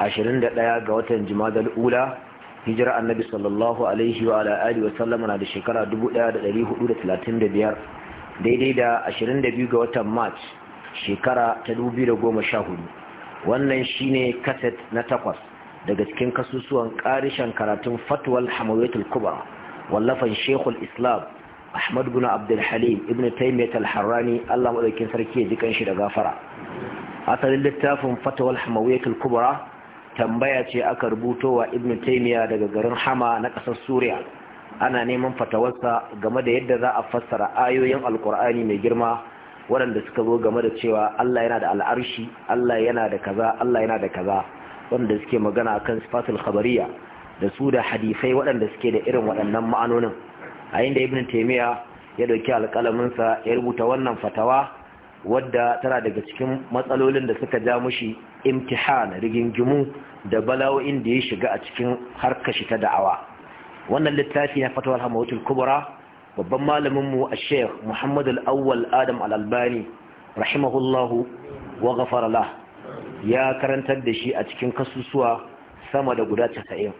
21 ga watan jimadar ula hijira annabi sallallahu alaihi wa ala'ari wa sallama na da shekara 1435 daidai da 22 ga watan march shekara ta 2014 wannan shine kaset na takwas daga cikin kasusuwan karishen karatun fatwal hamawetul kubra wallafan shekul islam ahmad bin abdulhalim ibn taimiyat al-harrani allah maɗaukin sarki ya ji shi da gafara asalin littafin fatawal hamawiyatul kubra tambaya ce aka rubuto wa ibn taymiya daga garin hama na ƙasar suriya ana neman fatawarsa game da yadda za a fassara ayoyin alkur'ani mai girma waɗanda suka zo game da cewa allah yana da al'arshi allah yana da kaza allah yana da kaza waɗanda suke magana akan sifatul khabariya da su da hadisai waɗanda suke da irin waɗannan ma'anonin a inda ibn taymiya ya dauki sa ya rubuta wannan fatawa wadda tana daga cikin matsalolin da suka ja mushi imtihan rigingimu da bala'o'in da ya shiga a cikin harka shi ta da'awa wannan littafi na fatawar hamawatul kubra babban malamin mu a sheikh muhammad al-awwal adam alalbani rahimahullahu wa ya karantar da shi a cikin kasusuwa sama da guda 90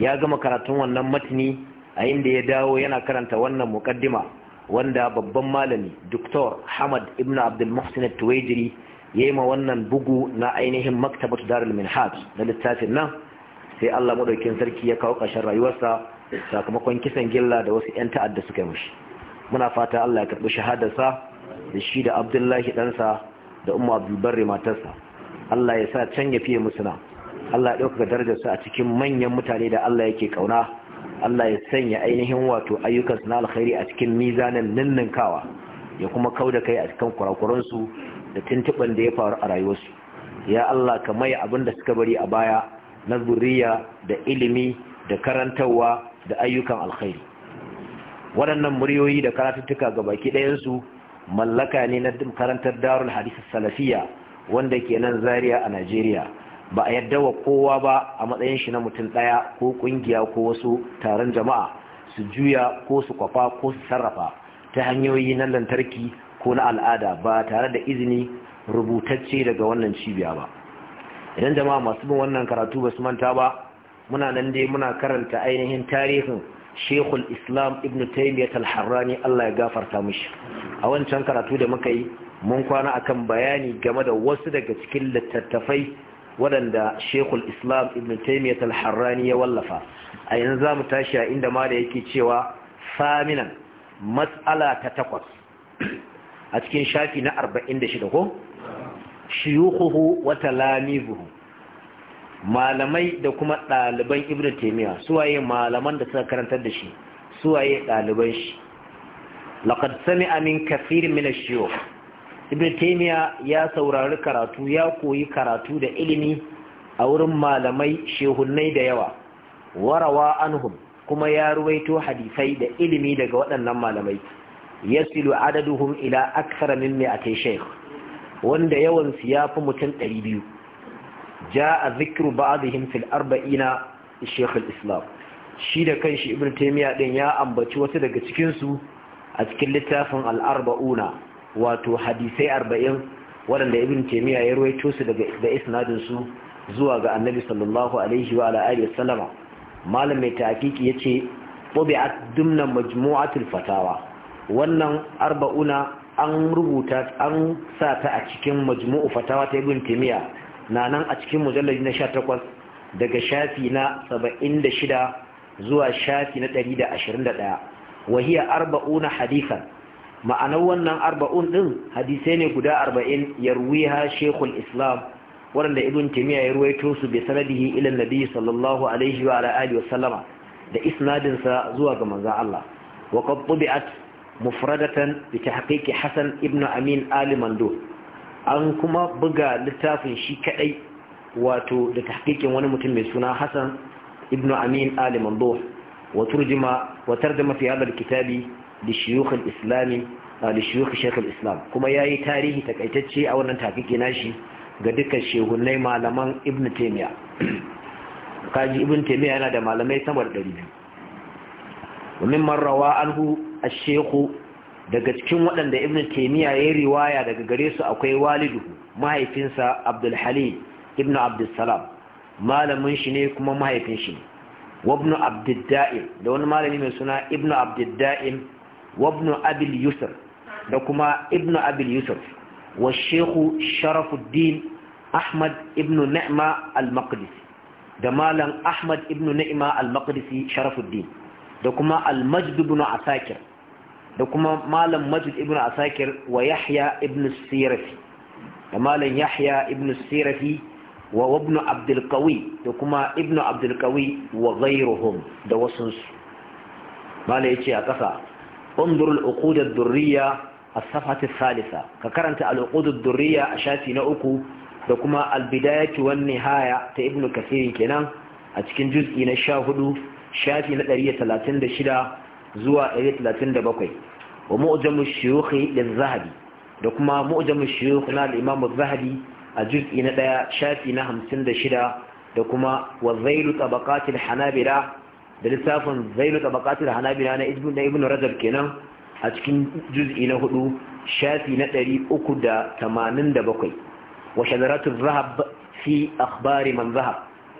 ya gama karatun wannan matni a inda ya dawo yana karanta wannan muqaddima wanda babban malami Dr. Hamad Ibn Abdul Muhsin Tuwaijiri Ya yi ma wannan bugu na ainihin maktabatu darul minhaj na littafin nan sai Allah madaukin sarki ya kawo ƙarshen rayuwarsa sakamakon kisan gilla da wasu 'yan ta'adda suka yi mishi muna fata Allah ya karɓi shahadarsa da shi da Abdullahi ɗansa da Umma Abdulbarri matarsa Allah ya sa can ya fiye musuna Allah ya ɗaukaka darajarsa a cikin manyan mutane da Allah yake ƙauna Allah ya sanya ainihin wato ayyukansu na alkhairi a cikin mizanin ninninkawa ya kuma kau da kai a cikin kurakuransu da tuntuɓan da ya faru a rayuwarsu ya Allah ka mai abin da suka bari a baya na zuriya da ilimi da karantarwa da ayyukan alkhairi waɗannan muryoyi da karatuttuka ga baki ɗayansu mallaka ne na karantar darul hadisi salafiya wanda ke nan zaria a najeriya ba a yadda wa kowa ba a matsayin shi na mutum ɗaya ko ƙungiya ko wasu taron jama'a su juya ko su kwafa ko su sarrafa ta hanyoyi na lantarki ko na al'ada ba tare da izini rubutacce daga wannan cibiya ba idan jama'a masu bin wannan karatu ba su manta ba muna nan dai muna karanta ainihin tarihin shekul islam ibn taimiyyat al allah ya gafarta mishi a wancan karatu da muka yi mun kwana akan bayani game da wasu daga cikin littattafai waɗanda shekul islam ibn taimiyyat al ya wallafa a yanzu za mu tashi a inda ma da yake cewa saminan matsala ta takwas a cikin shafi na 46 ko shiyukuhu wata talamizuhu malamai da kuma ɗaliban ibnu taymiya suwaye malaman da suka karantar da shi suwaye ɗaliban shi laqad sami amin kathir min ya saurari karatu ya koyi karatu da ilimi a wurin malamai shehunnai da yawa warawa anhum kuma ya ruwaito hadisai da ilimi daga waɗannan malamai yasilu adaduhum ila akthara min mi'atay shaykh wanda yawan su fi mutum a zikiru dhikru ba'dihim fil arba'ina shaykh islam shi da kanshi ibn Taimiyya ɗin ya ambaci wasu daga cikinsu a cikin littafin al wato hadisai arba'in, waɗanda ibn Taimiyya ya ruwaito su daga da isnadin su zuwa ga annabi sallallahu alaihi wa ala alihi wasallama malam mai tahqiqi yace tabi'at dumna majmu'atul fatawa wannan arba'una an rubuta an sa ta a cikin majmu'u fatawa ta ibn timiya na nan a cikin mujallari na 18 daga shafi na 76 zuwa shafi na 121 wahiya arba'una hadisan ma'anar wannan arba'un din hadisai ne guda 40 yarwiha shekul islam waɗanda ibn timiya ya ruwaito su bi sanadihi ila nabi sallallahu alaihi wa alihi wa sallama da isnadinsa zuwa ga manzon Allah wa qad tubi'at mufradatan da ta haƙaƙi hassan ibn amin alimando an kuma buga littafin shi kaɗai wato da ta haƙaƙin wani mutum mai suna hassan ibn amin alimando watar da tarjama kitabi da shiyukul islami da shiyukul shekul islam kuma ya yi tarihi takaitacce a wannan tafiƙi nashi ga dukkan shehunai malaman ibn taimiya kaji ibn taimiya yana da malamai sama da 200 ومن من روى عنه الشيخ daga cikin waɗanda ibn taymiya ya riwaya daga gare su akwai walidu mahaifinsa abdul halim ibn abdul salam malamin shi ne kuma mahaifin shi ne wabnu abdul da'im da wani malami mai suna ibn abdul da'im wabnu abil yusuf da kuma ibn abil yusuf wa shehu sharafuddin ahmad ibn na'ma al-maqdisi da malam ahmad ibn na'ima al-maqdisi sharafuddin da kuma almajd ibn asakir da malam majid ibn asakir wa yahya ibn sirafi da malam yahya ibn sirafi wa ibn abdul qawi da kuma ibn abdul qawi wa ghayruhum da wasu malai yace a ƙasa undur al uqud ad durriya as safhat salisa ka karanta al uqud ad a shafi na uku da kuma al bidayatu wan nihaya ta ibnu kasir kenan a cikin juz'i na sha hudu. shafi na 136 zuwa 137 wa mu'jamu shuyukh lil-zahabi da kuma mu'jamu shuyukh na al zahabi a juz'i na ɗaya shafi na 56 da kuma wa zailu tabaqatil hanabila da lissafin zailu tabaqatil hanabila na ibn rajab kenan a cikin juz'i na hudu shafi na da 387 wa shadaratu zahab fi akbari manzaha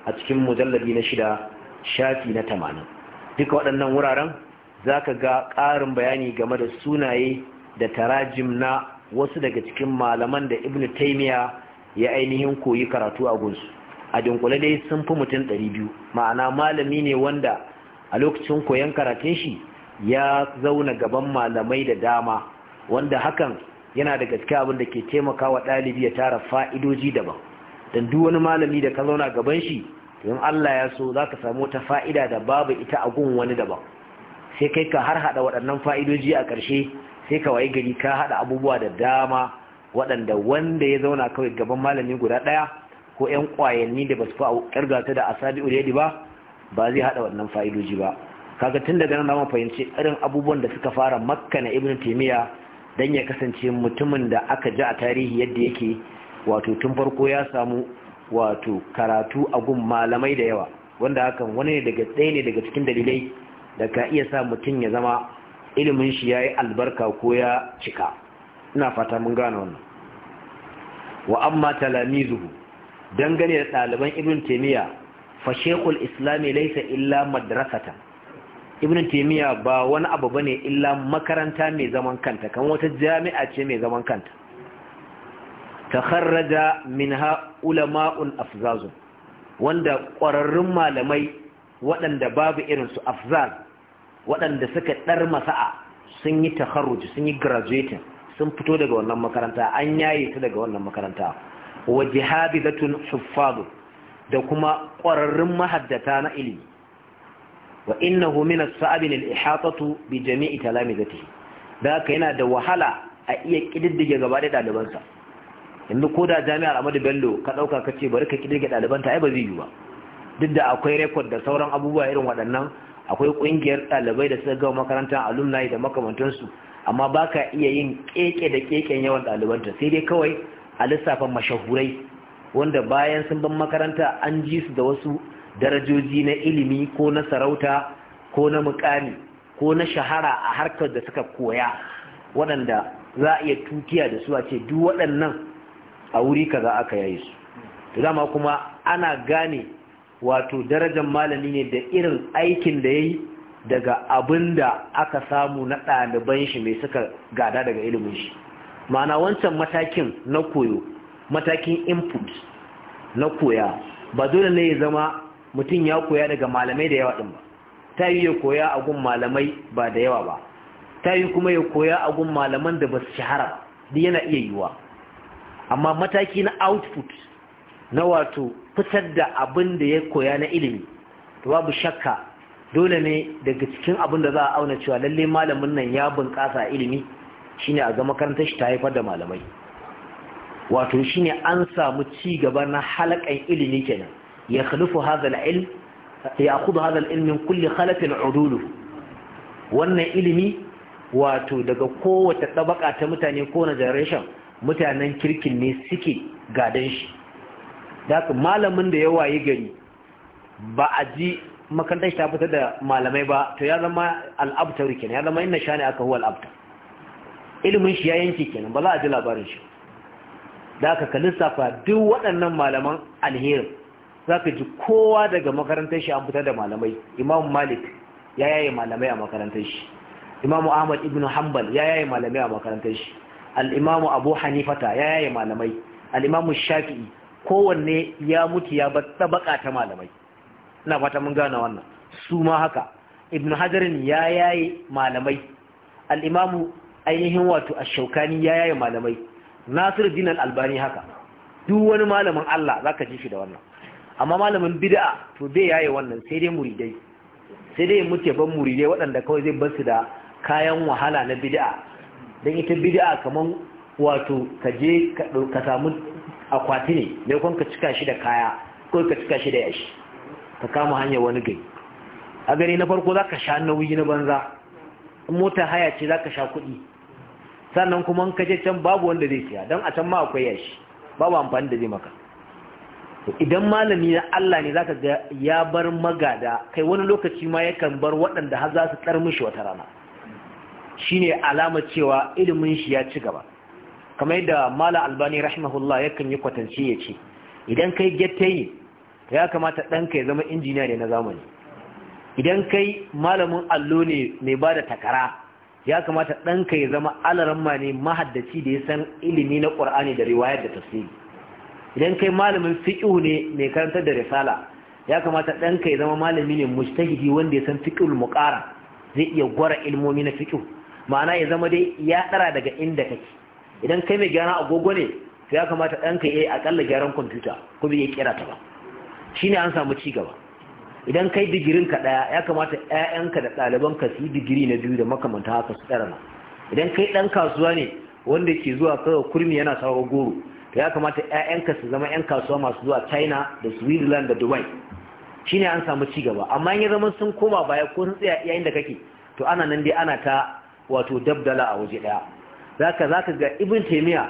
a cikin mujalladi na shida shafi na tamanin duka waɗannan wuraren za ka ga ƙarin bayani game da sunaye da tarajim na wasu daga cikin malaman da ibn taimiya ya ainihin koyi karatu a gunsu a dunkule dai sun fi mutum ɗari biyu ma'ana malami ne wanda a lokacin koyon karatun shi ya zauna gaban malamai da dama wanda hakan yana da gaske abin da ke taimaka wa ɗalibi ya tara fa'idoji daban don duk wani malami da ka zauna gaban shi in Allah ya so za ka samu wata fa'ida da babu ita a gun wani daban sai kai ka har haɗa waɗannan fa'idoji a ƙarshe sai ka wayi gari ka haɗa abubuwa da dama waɗanda wanda ya zauna kawai gaban malami guda ɗaya ko ‘yan ƙwayanni da ba su fi ƙirga ta da asabi uriyadi ba ba zai haɗa waɗannan fa'idoji ba kaga tun daga nan fahimci irin abubuwan da suka fara makka na ibnu taymiya dan ya kasance mutumin da aka ji a tarihi yadda yake wato tun farko ya samu wato karatu a gun malamai da yawa wanda hakan wani ne daga ɗaya ne daga cikin dalilai da ka iya sa mutum ya zama ilimin shi ya yi albarka ko ya cika ina fata mun gane wannan wa amma talamizuhu dangane da ɗaliban ibn taimiyya fa shekul islami laisa illa madrasata ibn taimiyya ba wani abu bane illa makaranta mai zaman kanta kan wata jami'a ce mai zaman kanta takharraja minha ulama'un afzazun wanda ƙwararrun malamai waɗanda babu irinsu afzaz waɗanda suka ɗar masa'a sun yi takharruji sun yi graduating sun fito daga wannan makaranta an yaye ta daga wannan makaranta wa jihadidatun huffadu da kuma ƙwararrun mahaddata na ilimi wa innahu min as-sa'abin al-ihatatu bi jami'i talamizatihi da yana da wahala a iya kididdige gaba da ɗalibansa yanzu ko da jami'ar Ahmadu Bello ka ɗauka ka ce bari ka kidirge ɗaliban ta ai ba zai yi ba duk da akwai rekod da sauran abubuwa irin waɗannan akwai ƙungiyar ɗalibai da suka gama makaranta alumni da makamantansu amma ba ka iya yin keke da keken yawan ɗalibanta sai dai kawai a lissafin mashahurai wanda bayan sun ban makaranta an ji su da wasu darajoji na ilimi ko na sarauta ko na mukami ko na shahara a harkar da suka koya waɗanda za a iya tukiya da su a ce duk waɗannan a wuri kaza aka yayi su to dama kuma ana gane wato darajar malami ne da irin aikin da yayi daga abinda aka samu na ɗaliban shi mai suka gada daga ilimin shi ma'ana wancan matakin na koyo matakin input na koya ba dole ne ya zama mutum ya koya daga malamai da yawa ɗin ba ta yi ya koya a gun malamai ba da yawa ba ta yi kuma ya koya a gun malaman da ba su shahara duk yana iya yiwuwa amma mataki na output na wato fitar da abin da ya koya na ilimi to babu shakka dole ne daga cikin abin da za a auna cewa lalle malamin nan ya bunƙasa ilimi shine a ga makarantar shi ta haifar da malamai wato shine an samu ci gaba na halakan ilimi kenan ya khalifu hadha al-ilm ya akhudhu hadha al-ilm min kulli khalafin udulu wannan ilimi wato daga kowace tabaka ta mutane ko na generation mutanen kirkin ne suke gadon shi daga malamin da ya waye gari ba a ji makarantar ta fitar da malamai ba to ya zama al'abtar kenan ya zama inna shani aka huwa al'abtar ilimin shi ya yanke kenan ba za a ji labarin shi da ka lissafa duk waɗannan malaman alherin za ka ji kowa daga makarantar shi an fitar da malamai imam malik ya yaye malamai a makarantar shi imam ahmad ibn hanbal ya yaye malamai a makarantar shi al'imamu abu hanifata ya yaye malamai al'imamu shafi'i kowanne ya mutu ya bar ta malamai ina fata mun gane wannan su ma haka ibn hajarin ya yaye malamai al'imamu ainihin wato a shaukani ya yaye malamai nasir dinan albani haka duk wani malamin allah za ka ji shi da wannan amma malamin bid'a to bai yaye wannan sai dai muridai sai dai mutu ban muridai waɗanda kawai zai basu da kayan wahala na bid'a don ita bid'a kamar wato ka je ka samu akwati ne mai kwan ka cika shi da kaya ko ka cika shi da yashi ka kama hanyar wani gari a gari na farko zaka sha nauyi na banza mota haya ce za sha kuɗi sannan kuma ka je can babu wanda zai siya don a can ma akwai yashi babu amfani da zai maka idan malami na Allah ne zaka ga ya bar magada kai wani lokaci ma yakan bar waɗanda har za su tsar mishi wata rana Shi ne alamar cewa ilimin shi ya ci gaba kamar yadda mala albani rahimahullah yakan yi kwatance ya ce idan kai gyattayi ya kamata ɗanka ya zama injiniya ne na zamani idan kai malamin allo ne mai ba da takara ya kamata ɗanka ya zama alaramma ne mahaddaci da ya san ilimi na ƙur'ani da riwayar da tafsiri idan kai malamin fiƙi ne mai karantar da risala ya kamata ɗanka ya zama malami ne mustahidi wanda ya san mu ƙara, zai iya gwara ilmomi na fiƙi ma'ana ya zama dai ya tsara daga inda kake idan kai mai gyara agogo ne to ya kamata ɗanka ya yi akalla gyaran kwamfuta ko bai kira ta ba Shi ne an samu ci gaba idan kai digirin ka ɗaya ya kamata ƴaƴanka da ɗaliban su yi digiri na biyu da makamanta haka su tsara idan kai ɗan kasuwa ne wanda ke zuwa kawai kurmi yana sawa goro to ya kamata ƴaƴanka su zama ƴan kasuwa masu zuwa China da Switzerland da Dubai Shi ne an samu ci gaba amma in ya zama sun koma baya ko sun tsaya yayin da kake to ana nan dai ana ta wato dabdala a waje daya. zaka zaka ga ibn taymiya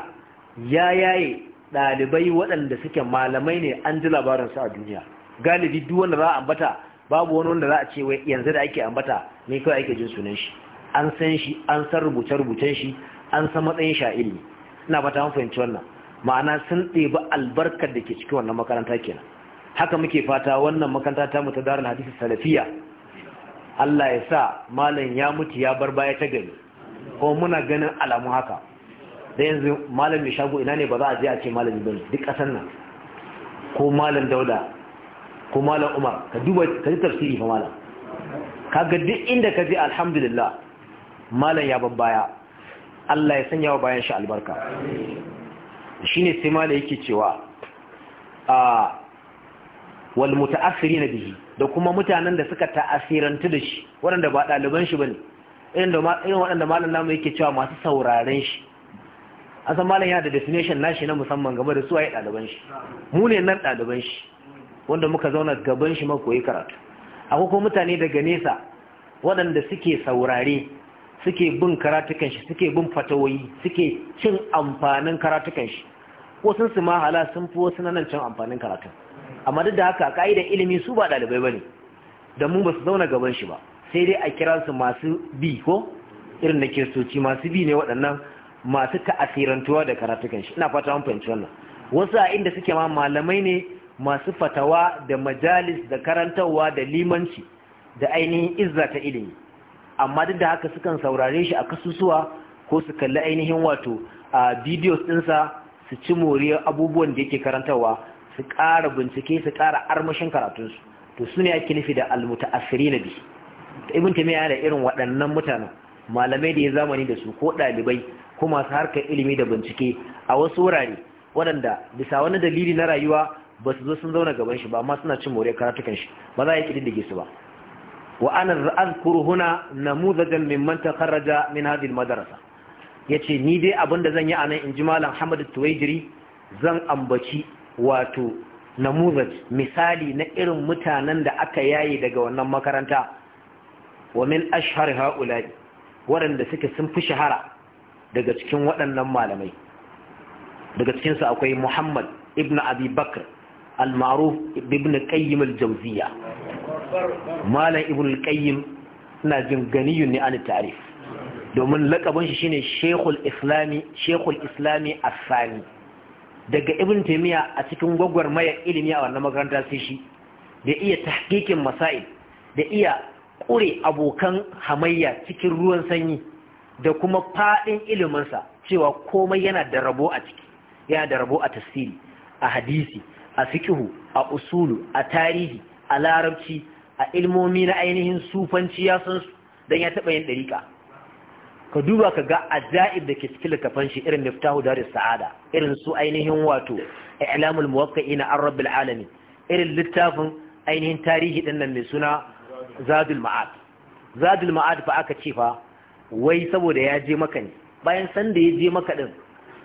ya yaye dalibai waɗanda suke malamai ne an ji labaransu a duniya galibi duk wanda za a ambata babu wani wanda za a ce wai yanzu da ake ambata ne kawai ake jin sunan shi an san shi an san rubuce-rubucen shi an san matsayin ilimi. ina fata mun fahimci wannan ma'ana sun ɗebi albarkar da ke cikin wannan makaranta kenan haka muke fata wannan makaranta ta mu ta darul hadisi salafiya Allah ya sa malam ya mutu ya bar baya ta gari kuma muna ganin alamu haka da yanzu malam mai shago ina ne ba za a je a ce malam ibn duk ƙasar nan ko malam dauda ko malam umar ka duba ka ji tafsiri fa malam kaga duk inda ka je alhamdulillah malam ya bar baya Allah ya sanya wa bayan shi albarka shine sai malam yake cewa ah, wal muta'assirin bihi da kuma mutanen da suka ta'asirantu da shi waɗanda ba ɗaliban shi ba ne irin waɗanda malam namu yake cewa masu sauraren shi a san malam yana da destination nashi na musamman game da su a yi ɗaliban shi mu ne nan ɗaliban shi wanda muka zauna gaban shi mako yi karatu akwai kuma mutane daga nesa waɗanda suke saurare suke bin karatukan shi suke bin fatawoyi suke cin amfanin karatukan shi wasu su ma hala sun fi wasu nan cin amfanin karatun amma duk da haka ka'idar ilimi su ba dalibai ba ne don mu ba su zauna gaban shi ba sai dai a kira su masu bi ko irin na kiristoci masu bi ne waɗannan masu ta'asirantuwa da karatukan shi ina fata mun fahimci wannan wasu a inda suke ma malamai ne masu fatawa da majalis da karantarwa da limanci da ainihin izza ta ilimi amma duk da haka sukan saurare shi a kasusuwa ko su kalli ainihin wato a bidiyo ɗinsa su ci moriyar abubuwan da yake karantarwa su ƙara bincike su ƙara armashin karatunsu to su ne ake nufi da almuta'assiri na bi ibn ta da irin waɗannan mutanen malamai da ya zamani da su ko ɗalibai ko masu harkar ilimi da bincike a wasu wurare waɗanda bisa wani dalili na rayuwa ba su zo sun zauna gaban shi ba amma suna cin more karatukan shi ba za a yi ƙididdige su ba wa ana azkuru huna namuzajan mimman takarraja min hadin madarasa Ya ce ni dai abin da zan yi a nan in ji malam tuwai Tuwaidiri zan ambaci wato namuzaj misali na irin mutanen da aka yaye daga wannan makaranta wa min ashhar haula'i waɗanda suke sun fi shahara daga cikin waɗannan malamai daga cikinsu akwai muhammad ibn abi bakr al-ma'ruf ibn qayyim al-jawziya malam ibn al-qayyim ina jin ganiyun ne an tarif domin lakabin shi shine Sheikhul islami Sheikhul islami as-sani daga ibn taymiya a cikin gwagwarmayar ilimi a wannan makaranta sai shi da iya tahqiqin masail da iya ƙure abokan hamayya cikin ruwan sanyi da kuma faɗin iliminsa cewa komai yana da rabo a ciki yana da rabo a tasiri a hadisi a sikihu, a usulu a tarihi a larabci a ilmomi na ainihin sufanci ya san su don ya taɓa yin ɗariƙa ka duba ka ga ajaib da ke cikin littafan shi irin miftahu dar sa'ada irin su ainihin wato i'lamul muwaqqi'ina an rabbil alamin irin littafin ainihin tarihi din nan mai suna zadul ma'ad zadul ma'ad fa aka ce fa wai saboda ya je maka ne bayan san da ya je maka din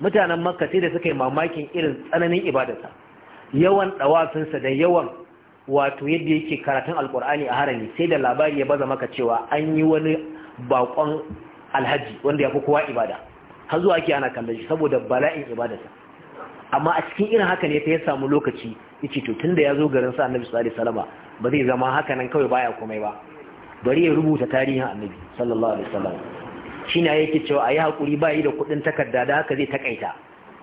mutanen makka sai da suka yi mamakin irin tsananin ibadarsa yawan dawafinsa da yawan wato yadda yake karatun alkur'ani a harami sai da labari ya baza maka cewa an yi wani bakon alhaji wanda ya fi kowa ibada har zuwa ake ana kallon shi saboda bala'in ibadarsa amma a cikin irin haka ne ta ya samu lokaci ce to tunda ya zo garin sa annabi sallallahu alaihi wasallam ba zai zama haka nan kawai baya komai ba bari ya rubuta tarihin annabi sallallahu alaihi wasallam ne yake cewa ayi hakuri ba yi da kuɗin takarda da haka zai takaita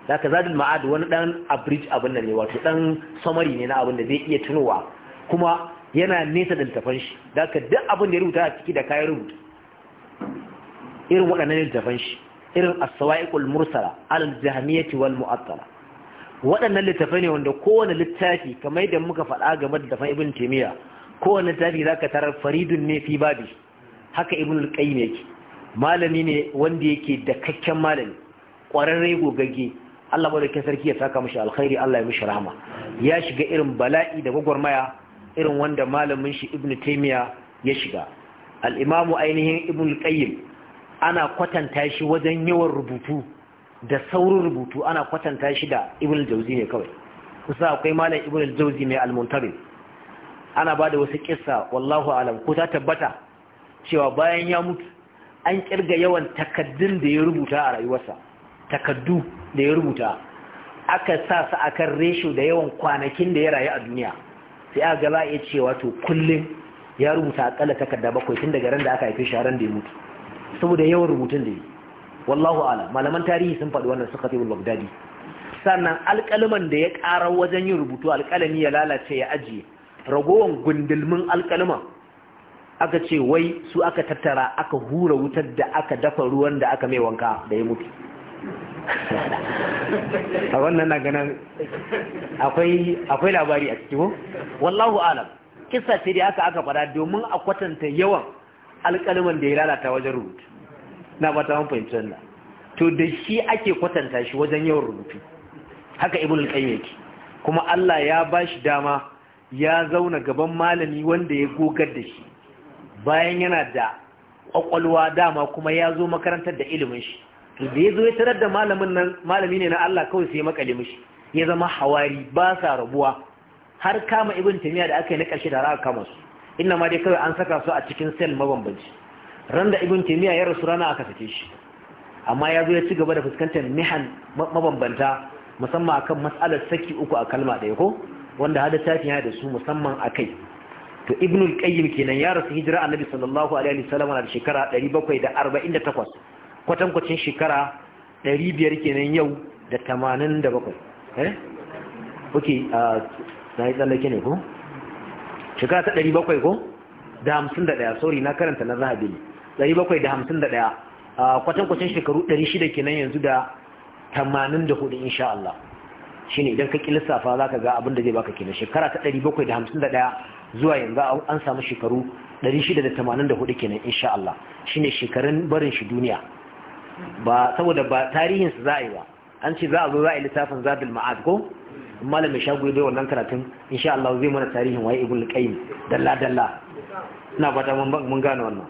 zaka zadul ma'ad wani dan abridge abin nan ne wato dan summary ne na abin da zai iya tunowa kuma yana nesa da littafan shi zaka duk abin da ya rubuta a ciki da kayan rubuta irin waɗannan littafan shi irin as mursala al jahmiyati wal mu'attala waɗannan littafai ne wanda kowane littafi kamar yadda muka faɗa game da tafan ibn taymiya kowane littafi zaka tarar faridun ne fi babi haka ibn al-qayyim yake malami ne wanda yake da kakken malami ƙwararre gogagge Allah kin sarki ya saka mishi alkhairi Allah ya mishi rahama ya shiga irin bala'i da gwagwarmaya irin wanda malamin shi ibn taymiya ya shiga al-imamu ainihin ibn al-qayyim ana kwatanta shi wajen yawan rubutu da saurin rubutu ana kwatanta shi da ibn al jauzi ne kawai kusa akwai malam ibn al jauzi mai al-muntari ana ba da wasu kissa wallahu alam ko ta tabbata cewa bayan ya mutu an kirga yawan takaddun da ya rubuta a rayuwarsa takaddu da ya rubuta aka sa su akan resho da yawan kwanakin da ya rayu a duniya sai aka ga ba a iya cewa to kullum ya rubuta a akalla takarda bakwai tun daga ran da aka haife shi ran da ya mutu saboda yawan rubutun da yi wallahu ala malaman tarihi sun faɗi wannan suka tebul bagdadi sannan alƙaliman da ya ƙara wajen yin rubutu alƙalami ya lalace ya ajiye ragowan gundulmin alƙalima aka ce wai su aka tattara aka hura wutar da aka dafa ruwan da aka mai wanka da ya mutu a wannan na ganin akwai labari a ciki wallahu alam kisa ce da aka aka fada domin a kwatanta yawan alƙalman da ya lalata wajen rubutu na ba ta fahimci wannan to da shi ake kwatanta shi wajen yawan rubutu haka ibn al-qayyim yake kuma Allah ya bashi dama ya zauna gaban malami wanda ya gogar da shi bayan yana da kwakwalwa dama kuma ya zo makarantar da ilimin shi to da ya zo ya tarar da malamin malami ne na Allah kawai sai ya makale mishi ya zama hawari ba sa rabuwa har kama ibn tamiya da aka yi na ƙarshe da aka kama su inna ma dai kawai an saka su a cikin sel mabambanci ran da ibn taymiya ya rasu rana aka sake shi amma ya zo ya ci gaba da fuskantar mihan mabambanta musamman akan mas'alar saki uku a kalma ɗaya ko wanda hada tafi yana da su musamman kai. to ibn al-qayyim kenan ya rasu hijira annabi sallallahu alaihi wasallam a shekara 748 kwatankwacin shekara 500 kenan yau da 87 eh okay na yi tsallake ne ko shiga ta 700 ko da 51 sorry na karanta na zahabi ne 751 a kwatankwacin shekaru 600 kenan yanzu da 84 insha Allah ne idan ka za ka ga abin da zai baka kenan shekara ta 751 zuwa yanzu an samu shekaru 684 kenan insha Allah ne shekarun barin shi duniya ba saboda ba tarihin su za a yi ba an ce za a zo za a yi littafin zabil ma'ad ko malamin shaguri bai wannan karatun insha Allah zai mana tarihin waye ibn al-qayyim dalla dalla ina fata mun gane wannan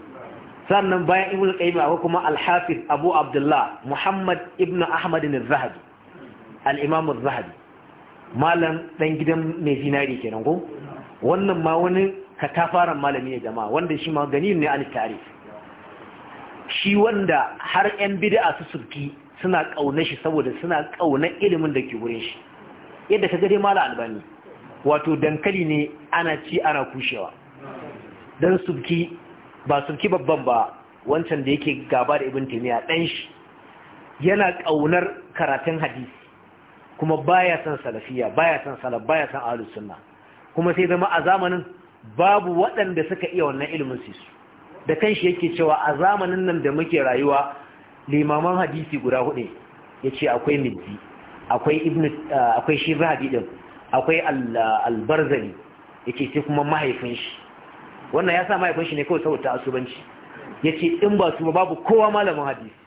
sannan bayan ibn al-qayyim akwai kuma al-hafiz abu abdullah muhammad ibn ahmad al-zahabi al-imam al-zahabi malam dan gidan mai zinari kenan ko wannan ma wani katafaran malami ne jama'a wanda shi ma ganin ne an tarihi shi wanda har yan bid'a su surki suna kauna shi saboda suna kauna ilimin da ke wurin shi yadda ka gade mala albani wato dankali ne ana ci ana kushewa Don subki ba subki babban ba wancan da yake gaba da ibn taymiya dan shi yana ƙaunar karatun hadisi kuma baya son salafiya baya son salaf baya son ahlus sunna kuma sai zama a zamanin babu waɗanda suka iya wannan ilimin su da kanshi yake cewa a zamanin nan da muke rayuwa limaman hadisi guda hudu yace akwai mizzi akwai ibnu uh, akwai shi rahabi din akwai uh, al-barzali yace sai kuma mahaifin shi wannan ya sa mahaifin shi ne kawai saboda asubanci yace in ba su babu kowa malamin hadisi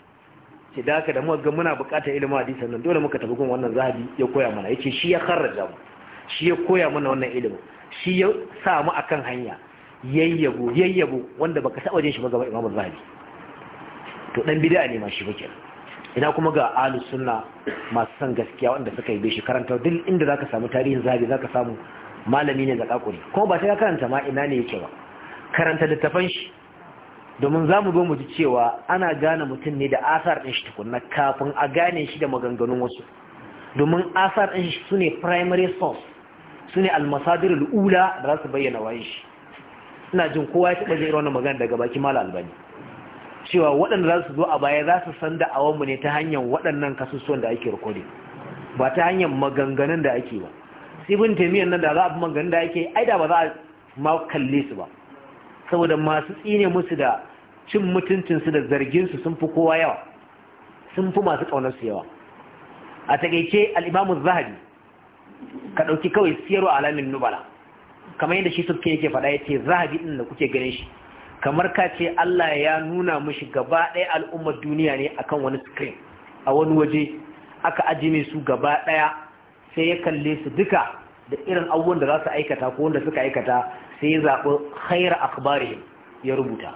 ce da haka da mu ga muna buƙatar ilimin hadisin nan dole muka tafi gun wannan zahabi ya koya mana yace shi ya kharraja mu shi ya koya mana wannan ilimin shi ya sa mu akan hanya yayyabo yayyabo wanda baka saba jin shi ba gaba imamu zahabi to dan bid'a ne ma shi bakin ina kuma ga ahli sunna masu san gaskiya wanda suka yi bishi karanta duk inda zaka samu tarihin zabi zaka samu malami ne da kakuri kuma ba ta ya karanta ma ina ne yake ba karanta littafan shi domin za mu zo mu ji cewa ana gane mutum ne da asar ɗin shi tukunna kafin a gane shi da maganganun wasu domin asar ɗin shi su ne primary source su ne almasadir ula da za su bayyana waye shi ina jin kowa ya taɓa zai wannan magana daga baki mala albani cewa waɗanda za su zo a baya za su san mu ne ta hanyar waɗannan kasusuwan da ake rikodi ba ta hanyar maganganun da ake ba sai bin taimiyyar nan da za a fi maganganun da ake ai da ba za a ma kalle su ba saboda masu tsine musu da cin mutuncinsu da zarginsu sun fi kowa yawa sun fi masu su yawa a taƙaice al'imamu zahabi ka ɗauki kawai siyarwa alamin nubala kamar yadda shi suke yake faɗa ya ce zahabi ɗin da kuke ganin shi kamar ka ce Allah ya nuna mushi gaba ɗaya al'ummar duniya ne akan wani screen a wani waje aka ajiye su gaba ɗaya sai ya kalle su duka da irin abubuwan da za su aikata ko wanda suka aikata sai ya zaɓi khaira akhbarihim ya rubuta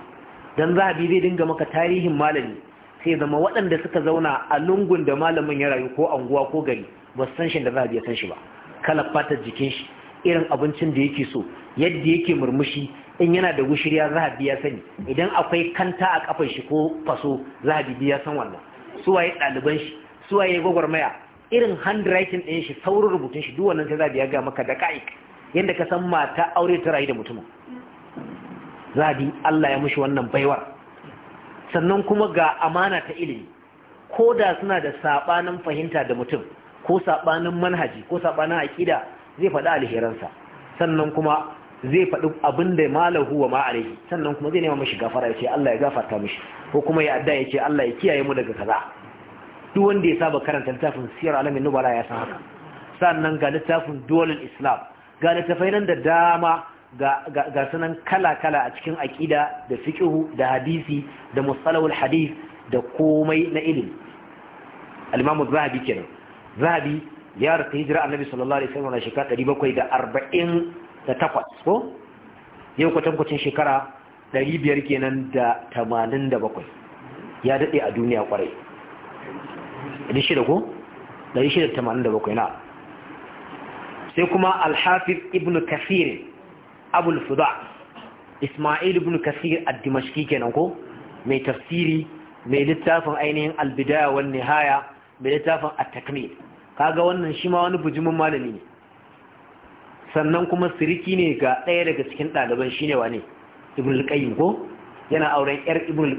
dan zahabi zai dinga maka tarihin malami sai zama waɗanda suka zauna a lungun da malamin ya rayu ko anguwa ko gari ba san shi da zahabi ya san shi ba kala fatar jikin shi irin abincin da yake so yadda yake murmushi in yana da gushiriya zahabi ya sani idan akwai kanta a kafar shi ko faso zahabi ya san wannan suwaye ɗaliban shi suwaye gwagwarmaya irin handwriting ɗin shi saurin rubutun shi duk wannan sai zahabi ya ga maka da ka'ik yadda ka san mata aure ta rayu da mutumin zahabi Allah ya mushi wannan baiwar sannan kuma ga amana ta ilimi ko da suna da sabanin fahimta da mutum ko sabanin manhaji ko sabanin aƙida zai faɗi alheransa sannan kuma zai faɗi abin da malahu wa ma'alai sannan kuma zai nema mashi gafara ya ce Allah ya gafarta mashi ko kuma ya adda ya ce Allah ya kiyaye mu daga kaza duk wanda ya saba karanta littafin siyar alamin nubala ya san haka sannan ga littafin duwalin islam ga littafai nan da dama ga sanan kala-kala a cikin aƙida da fiƙihu da hadisi da musalawul hadis da komai na ilimi alimamu zahabi kenan zahabi ya rata hijira annabi sallallahu alaihi wasallam na shekara 740 da takwas ko yau kwatankwacin shekara ɗari biyar kenan da tamanin da bakwai ya daɗe a duniya ƙwarai ɗari shida ko ɗari shida tamanin da bakwai na sai kuma alhafif ibn kafir abul fuda ismail ibn kafir a dimashki kenan ko mai tafsiri mai littafin ainihin albidaya wani haya, mai littafin a takmil kaga wannan shi ma wani bujumin malami ne sannan kuma siriki ne ga ɗaya daga cikin ɗaliban shine wane ibn al ko yana auren yar ibn al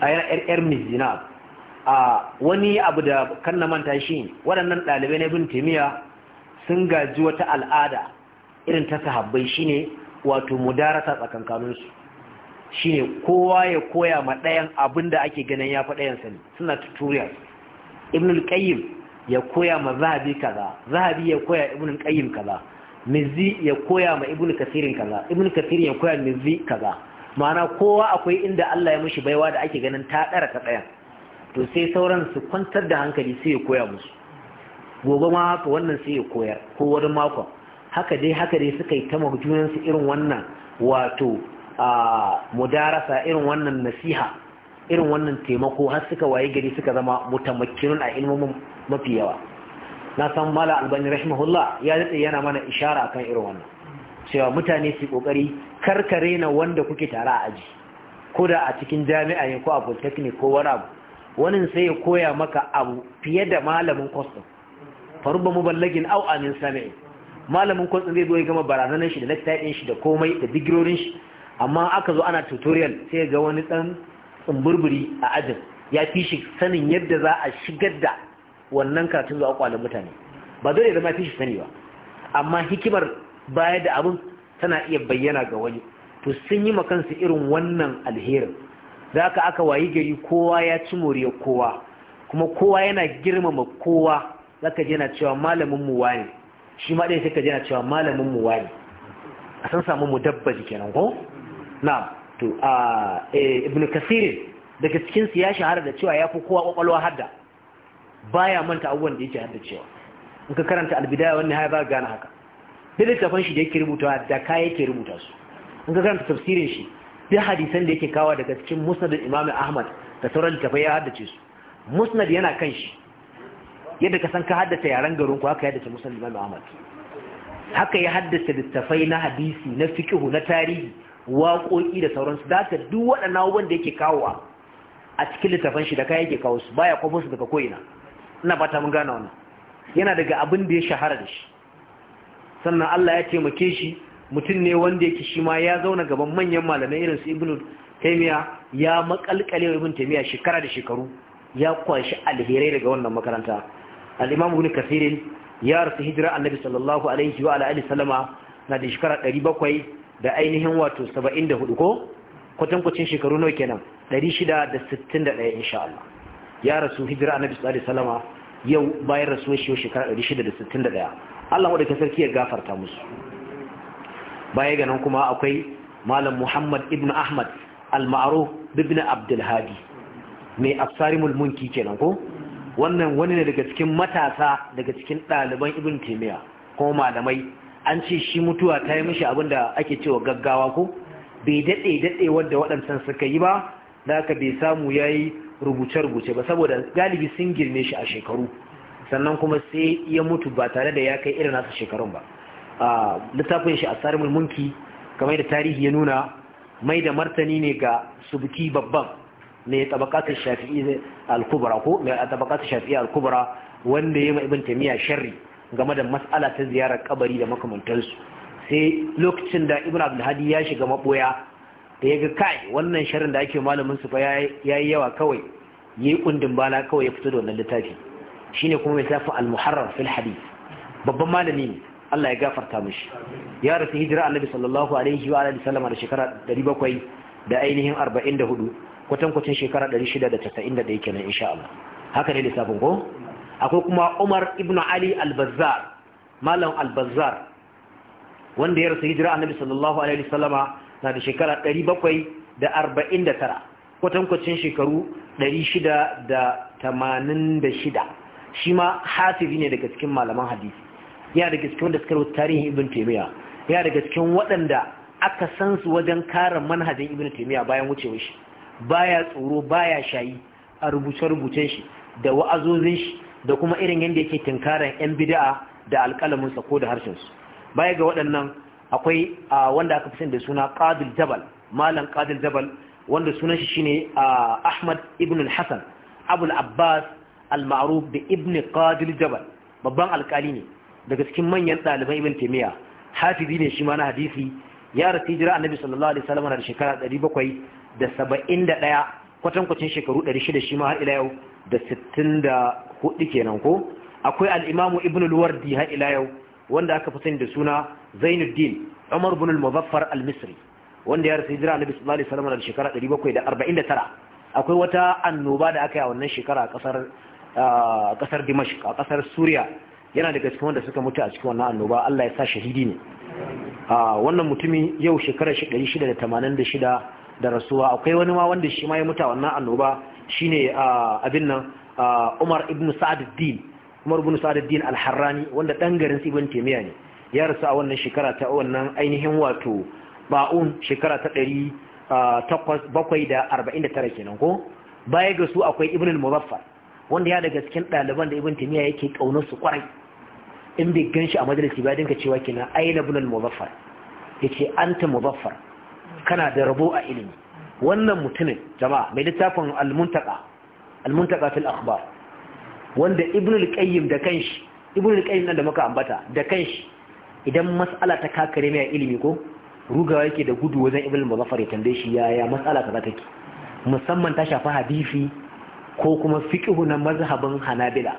a yana yar yar mizina a wani abu da kan na manta shi waɗannan ɗalibai na ibn taymiya sun gaji wata al'ada irin ta sahabbai shine wato mudarasa tsakankanin su shine kowa ya koya ma ɗayan abin da ake ganin ya fi ɗayan sani suna tutorials ibn al ya koya ma zahabi kaza zahabi ya koya ibn qayyim kaza mizzi ya koya ma ibn kasirin kaza ibn kasir ya koya mizzi kaza ma'ana kowa akwai inda Allah ya mishi baiwa da ake ganin ta dara ta tsayan to sai sauran su kwantar da hankali sai ya koya musu gobe ma haka wannan sai ya koyar ko wani makon haka dai haka dai suka yi ta su irin wannan wato a mudarasa irin wannan nasiha irin wannan taimako har suka waye gari suka zama mutamakkinun a ilmomin mafi yawa na san mala albani rahimahullah ya daɗe yana mana ishara akan irin wannan cewa mutane su kokari karkare na wanda kuke tare a aji ko da a cikin jami'a ne ko a polytechnic ko wani abu wani sai ya koya maka abu fiye da malamin kwas din faruba muballagin au amin sami'i malamin kwas zai zo ya gama barazanar shi da lecture shi da komai da digirorin shi amma aka zo ana tutorial sai ya ga wani ɗan tsumburburi a ajin ya fi shi sanin yadda za a shigar da wannan karatun zuwa kwalin mutane ba dole zama fi shi sani ba amma hikimar baya da abin tana iya bayyana ga wani to sun yi makansu irin wannan alherin za ka aka wayi gari kowa ya ci moriyar kowa kuma kowa yana girmama kowa za ka jana cewa malamin mu wani shi ma ɗaya sai ka jana cewa malamin mu wani a san samu mu dabba kenan ko na to a eh, ibn kasirin daga cikinsu ya shahara da cewa ya fi kowa kwakwalwa hadda baya manta abubuwan da yake haddacewa in ka karanta albidaya wani haya ba gane haka duk littafan shi da yake rubuta da kaya yake rubuta su in ka karanta tafsirin shi duk hadisan da yake kawo daga cikin musnadin imam ahmad da sauran littafai ya haddace su musnad yana kan shi yadda ka san ka haddace yaren garin ku haka ya haddace musnad imam ahmad haka ya haddace littafai na hadisi na fikihu na tarihi waƙoƙi da sauransu da haka duk waɗannan abubuwan da yake kawo a cikin littafan shi da kaya yake kawo su baya kwafo su daga ko'ina ina fata mun gane wannan yana daga abin da ya shahara da shi sannan Allah ya taimake shi mutum ne wanda yake shi ma ya zauna gaban manyan malamai irin su Ibn Taymiyyah ya makalkalewa Ibn Taymiyyah shekara da shekaru ya kwashi alherai daga wannan makaranta al-Imam Ibn ya rasu hijira Annabi sallallahu alaihi wa alihi sallama na da shekara 700 da ainihin wato 74 ko kwatankwacin shekaru nawa kenan 661 insha Allah ya rasu hijira annabi sallallahu alaihi wasallama yau bayan rasuwar shi shekara 661 Allah wadda ka sarki ya gafarta musu baya ga nan kuma akwai malam Muhammad ibn Ahmad al-Ma'ruf ibn Abdul Hadi mai afsarimul munki kenan ko wannan wani ne daga cikin matasa daga cikin ɗaliban ibn Taymiyyah ko malamai an ce shi mutuwa ta yi mishi abin da ake cewa gaggawa ko bai daɗe daɗe wadda waɗansan suka yi ba da aka bai samu ya yi rubuce-rubuce ba saboda galibi sun girme shi a shekaru sannan kuma sai ya mutu ba tare da ya kai irin nasa shekarun ba a littafin shi a tsarin mulki game da tarihi ya nuna mai da martani ne ga subki babban mai shafi'i al-kubra ko mai tabakatar shafi'i al-kubra wanda ya ibn tamiya sharri game da mas'ala ta ziyarar kabari da makamantarsu sai lokacin da ibn abdul hadi ya shiga maboya da ya ga kai wannan sharin da ake malamin su fa ya yi yawa kawai ya yi kundin bala kawai ya fito da wannan littafi shine kuma mai tafi al-muharrar fil hadith babban malami ne Allah ya gafarta mishi ya rasu hijira annabi sallallahu alaihi wa alihi sallama da shekara 700 da ainihin 44 kwatankwacin shekara 691 kenan insha Allah haka ne lissafin ko akwai kuma Umar ibn Ali al-Bazzar malam al-Bazzar wanda ya rasu hijira annabi sallallahu alaihi wa sallama na da shekara tara. kwatankwacin shekaru da 686 shi ma hafizi ne daga cikin malaman hadisi ya daga cikin wanda suka rubuta tarihin ibn taymiya ya daga cikin waɗanda aka san su wajen kare manhajin ibn taymiya bayan wucewar shi baya tsoro baya shayi a rubuce-rubucen shi da wa'azozin shi da kuma irin yadda yake tinkaran 'yan bida'a da alƙalaminsa ko da harshen su. baya ga waɗannan akwai wanda aka fi sani da suna qadil jabal malam qadil jabal wanda sunan shi shine ahmad ibn al-hasan abul abbas al-ma'ruf da ibn qadil jabal babban alkali ne daga cikin manyan ɗaliban ibn taymiya hafizi ne shi ma na hadisi ya rasu hijira annabi sallallahu alaihi wasallam da shekara 771 kwatankwacin shekaru 600 shi ma har ila yau da 64 kenan ko akwai al-imamu ibn al-wardi har ila yau wanda aka fi sani da suna zainuddin umar bin al-muzaffar al-misri wanda ya rasu hijira annabi sallallahu alaihi wasallam da shekara 749 akwai wata annoba da aka yi a wannan shekara a kasar kasar Dimashq a kasar Suriya yana daga cikin wanda suka mutu a cikin wannan annoba Allah ya sa shahidi ne wannan mutumi yau shekara 686 da rasuwa akwai wani ma wanda shi ma ya mutu a wannan annoba shine abin nan Umar ibn Sa'd Umar ibn Sa'd al-Harrani wanda dan garin sibin temiya ne ya rasu a wannan shekara ta wannan ainihin wato ba'un shekara ta ɗari takwas bakwai da arba'in da tara kenan ko baya ga su akwai ibn al-muzaffar wanda ya daga cikin ɗaliban da ibn timiya yake ƙaunar su kwarai in bai gan shi a majalisi ba dinka cewa kenan aina ibn al-muzaffar yace anta muzaffar kana da rabo a ilimi wannan mutumin jama'a mai littafin al-muntaka al-muntaka fil akhbar wanda ibn al-qayyim da kanshi ibn al-qayyim nan da muka ambata da kanshi idan mas'ala ta kakare mai ilimi ko rugawa yake da gudu wajen ibn muzaffar ya tambaye shi yaya mas'ala ta take musamman ta shafi hadisi ko kuma fiqhu na mazhabin hanabila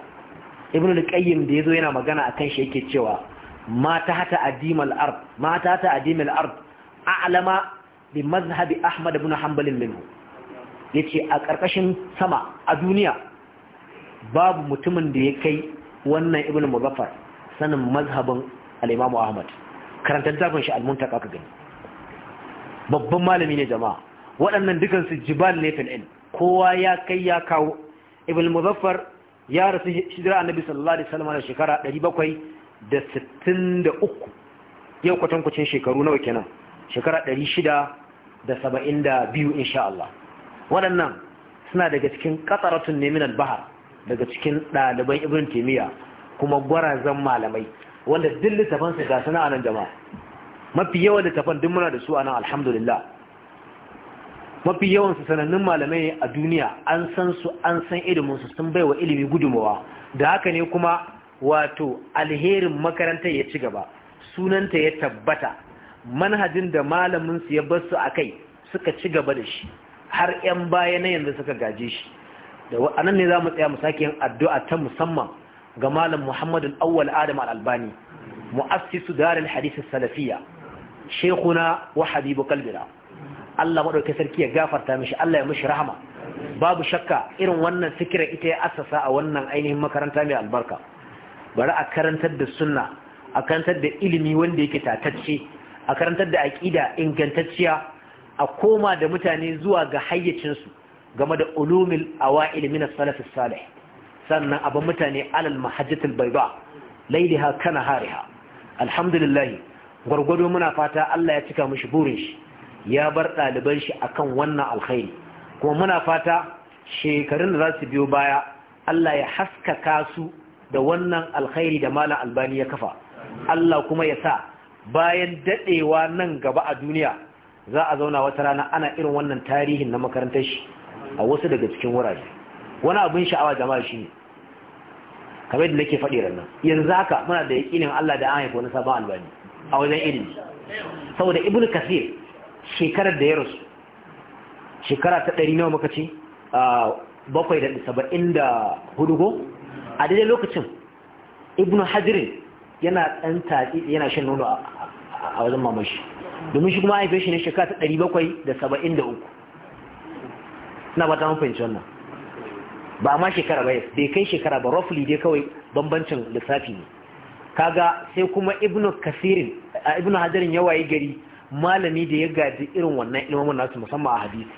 ibn al-qayyim da yazo yana magana akan shi yake cewa mata ta hata adimal ard mata hata adimal ard a'lama bi mazhabi ahmad ibn hanbal minhu yace a karkashin sama a duniya babu mutumin da ya kai wannan ibn muzaffar sanin mazhabin al’imamu Ahmad karanta zafin shi al-Muntaka ka gani babban malami ne jama'a waɗannan dukan su jibal ne filin. kowa ya kai ya kawo Ibn Muzaffar ya rasu hijira Annabi sallallahu alaihi salama da shekara 763 yau kwatankwacin shekaru nawa kenan shekara 672 insha Allah waɗannan suna daga cikin katsaratun ne albahar bahar daga cikin ɗaliban ibn taimiyya kuma gwarazan malamai wanda duk littafan su ga sana'a nan jama'a mafi yawan littafan duk muna da su anan alhamdulillah mafi yawan su sanannun malamai a duniya an san su an san ilimin su sun baiwa ilimi gudumawa da haka ne kuma wato alherin makarantar ya ci gaba sunanta ya tabbata manhajin da malamin su ya bar su akai suka ci gaba da shi har 'yan baya na yanzu suka gaje shi da anan ne za mu tsaya mu sake yin addu'a ta musamman ga malam Muhammad awwal Adam al-Albani mu'assisu dar al-hadith salafiyya shaykhuna wa habibu qalbina Allah madaukakin sarki ya gafarta mishi Allah ya mishi rahama babu shakka irin wannan fikira ita ya assasa a wannan ainihin makaranta mai albarka bari a karantar da sunna a karantar da ilimi wanda yake tatacce a karantar da aqida ingantacciya a koma da mutane zuwa ga hayyacinsu game da ulumil awa'il min as-salaf as-salih sannan abin mutane alal mahajjatul bayda lailaha kana hariha alhamdulillah gwargwado muna fata Allah ya cika mishi burin shi ya bar ɗaliban shi akan wannan alkhairi kuma muna fata shekarun da za su biyo baya Allah ya haskaka su da wannan alkhairi da malam albani ya kafa Allah kuma ya sa bayan dadewa nan gaba a duniya za a zauna wata rana ana irin wannan tarihin na makarantar shi a wasu daga cikin wurare wani abin sha'awa jama'a shi ne kamar da nake faɗi ranar yanzu haka muna da yaƙinin Allah da an haifa wani sabon albani a wajen ilimi saboda ibn kasir shekarar da ya rasu shekara ta ɗari nawa muka ce bakwai da saba'in da hudugo a daidai lokacin ibn hajjirin yana ɗan taɗi yana shan nono a wajen mamashi domin shi kuma haife shi ne shekara ta ɗari bakwai da saba'in da uku na ba ta mafi wannan ba ma shekara ba bai kai shekara ba roughly dai kawai bambancin lissafi ne kaga sai kuma ibnu kasirin ibnu hajarin ya wayi gari malami da ya gaji irin wannan ilmamin nasu musamman a hadisi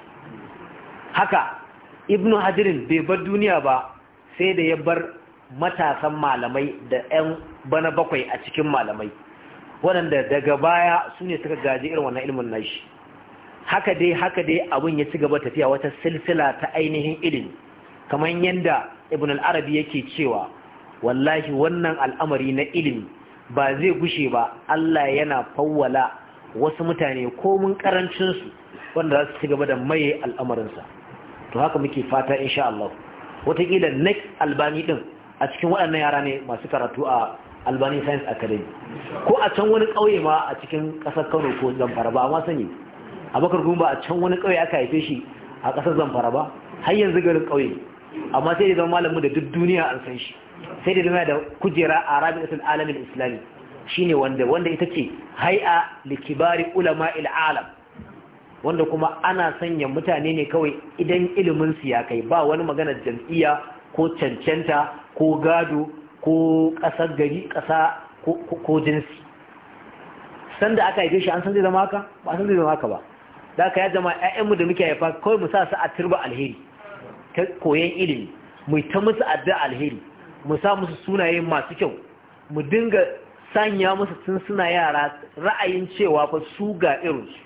haka ibnu hajarin bai bar duniya ba sai da ya bar matasan malamai da 'yan bana bakwai a cikin malamai waɗanda daga baya su ne suka gaji irin wannan ilimin nashi haka dai haka dai abin ya ci gaba tafiya wata silsila ta ainihin ilimi kamar yadda ibn al-arabi yake cewa wallahi wannan al'amari na ilimi ba zai gushe ba Allah yana fawwala wasu mutane komun karancinsu wanda za su ci gaba da maye al'amarinsa to haka muke fata insha Allah wataƙila next albani din a cikin waɗannan yara ne masu karatu a albani science academy ko a can wani ƙauye ma a cikin ƙasar kano ko zamfara ba amma sani abakar gumba a can wani ƙauye aka haife shi a ƙasar zamfara ba har yanzu garin ƙauye amma sai da zama malamin da duk duniya an san shi sai da zama da kujera a rabi'atul alamin islami ne wanda wanda ita ce hai'a likibari ulama il'alam wanda kuma ana sanya mutane ne kawai idan ilimin su ya kai ba wani magana jam'iyya ko cancanta ko gado ko ƙasar gari ƙasa ko jinsi sanda aka haife shi an san zai zama haka ba san zai zama haka ba da aka ya zama 'ya'yanmu da muke haifa kawai mu sa su a turba alheri ta koyon ilimi mu ta musu addu'a alheri mu sa musu sunaye masu kyau mu dinga sanya musu tun suna yara ra'ayin cewa fa su ga irinsu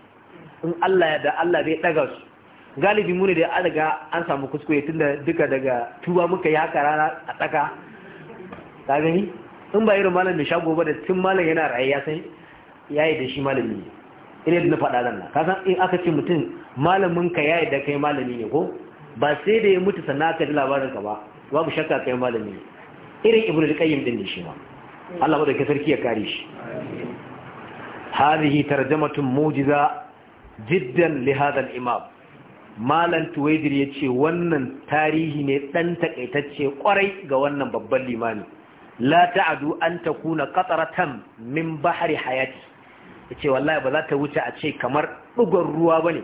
in Allah ya da Allah zai daga su galibi mu ne da an an samu kuskure tun da duka daga tuba muka ya haka a tsaka ka gani in ba irin malam da shago ba da tun malam yana raye ya san yayi da shi malami ne ina da na faɗa nan ka san in aka ce mutum malamin ka yayi da kai malami ne ko ba sai da ya mutu sannan aka ji labarin ka ba babu shakka kai malami irin ibnu al-qayyim din ne shi ma Allah madaukakin sarki ya kare shi hadhihi tarjamatun mujiza jiddan li hadha al-imam malan tuwaidir yace wannan tarihi ne dan takaitacce kwarai ga wannan babban limami la ta'adu an takuna qataratan min bahri hayati yace wallahi ba za ta wuce a ce kamar dugon ruwa bane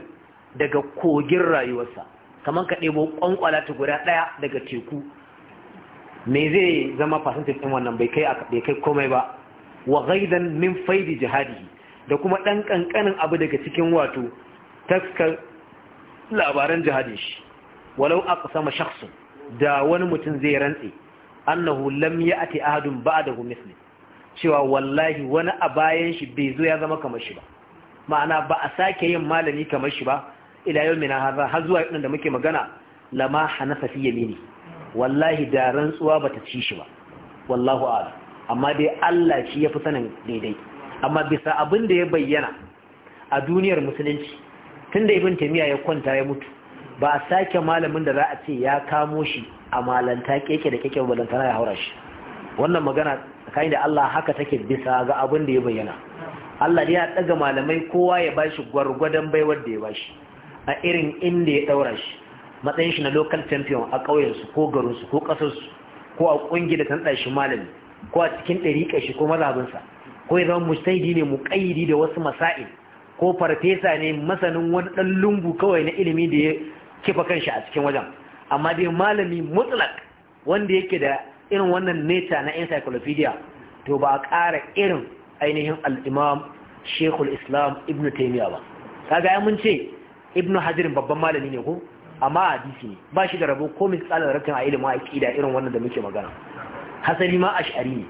daga kogin rayuwarsa kamar ka ɗebo ƙwanƙwala ta guda ɗaya daga teku me zai zama percentage ɗin wannan bai kai komai ba wa ghaidan min faidi jihadi da kuma ɗan ƙanƙanin abu daga cikin wato taskar labaran jihadin shi walau aka sama shaksu da wani mutum zai rantse annahu lam ya ati ahadun ba'dahu misli cewa wallahi wani a bayan shi bai zo ya zama kamar shi ba ma'ana ba a sake yin malami kamar shi ba ila yau mina haza har zuwa yadda da muke magana lama hanafa fi yamini wallahi da rantsuwa bata ci shi ba wallahu a'lam amma dai Allah shi yafi sanin daidai amma bisa abin da ya bayyana a duniyar musulunci tunda ibn taymiya ya kwanta ya mutu ba a sake malamin da za a ce ya kamo shi a malanta keke da keke na ya haura shi wannan magana tsakanin da Allah haka take bisa ga abin da ya bayyana Allah ya daga malamai kowa ya bashi gwargwadon baiwar da ya bashi a irin inda ya daura shi matsayin shi na local champion a ƙauyensu ko garinsu ko ƙasarsu ko a ƙungi da tantar shi malami ko a cikin ɗariƙa shi ko sa, ko ya zama mustaidi ne muƙayyidi da wasu masa'il ko farfesa ne masanin wani ɗan lungu kawai na ilimi da ya kifa kan shi a cikin wajen amma dai malami mutlak wanda yake da irin wannan neta na encyclopedia to ba a ƙara irin ainihin al'imam shekul islam ibn taimiyya ba kaga ya mun ce Ibnu hajirin babban malami ne ko amma hadisi ne ba shi da rabo ko misalan rakan a ilimin aqida irin wannan da muke magana hasali ma ash'ari ne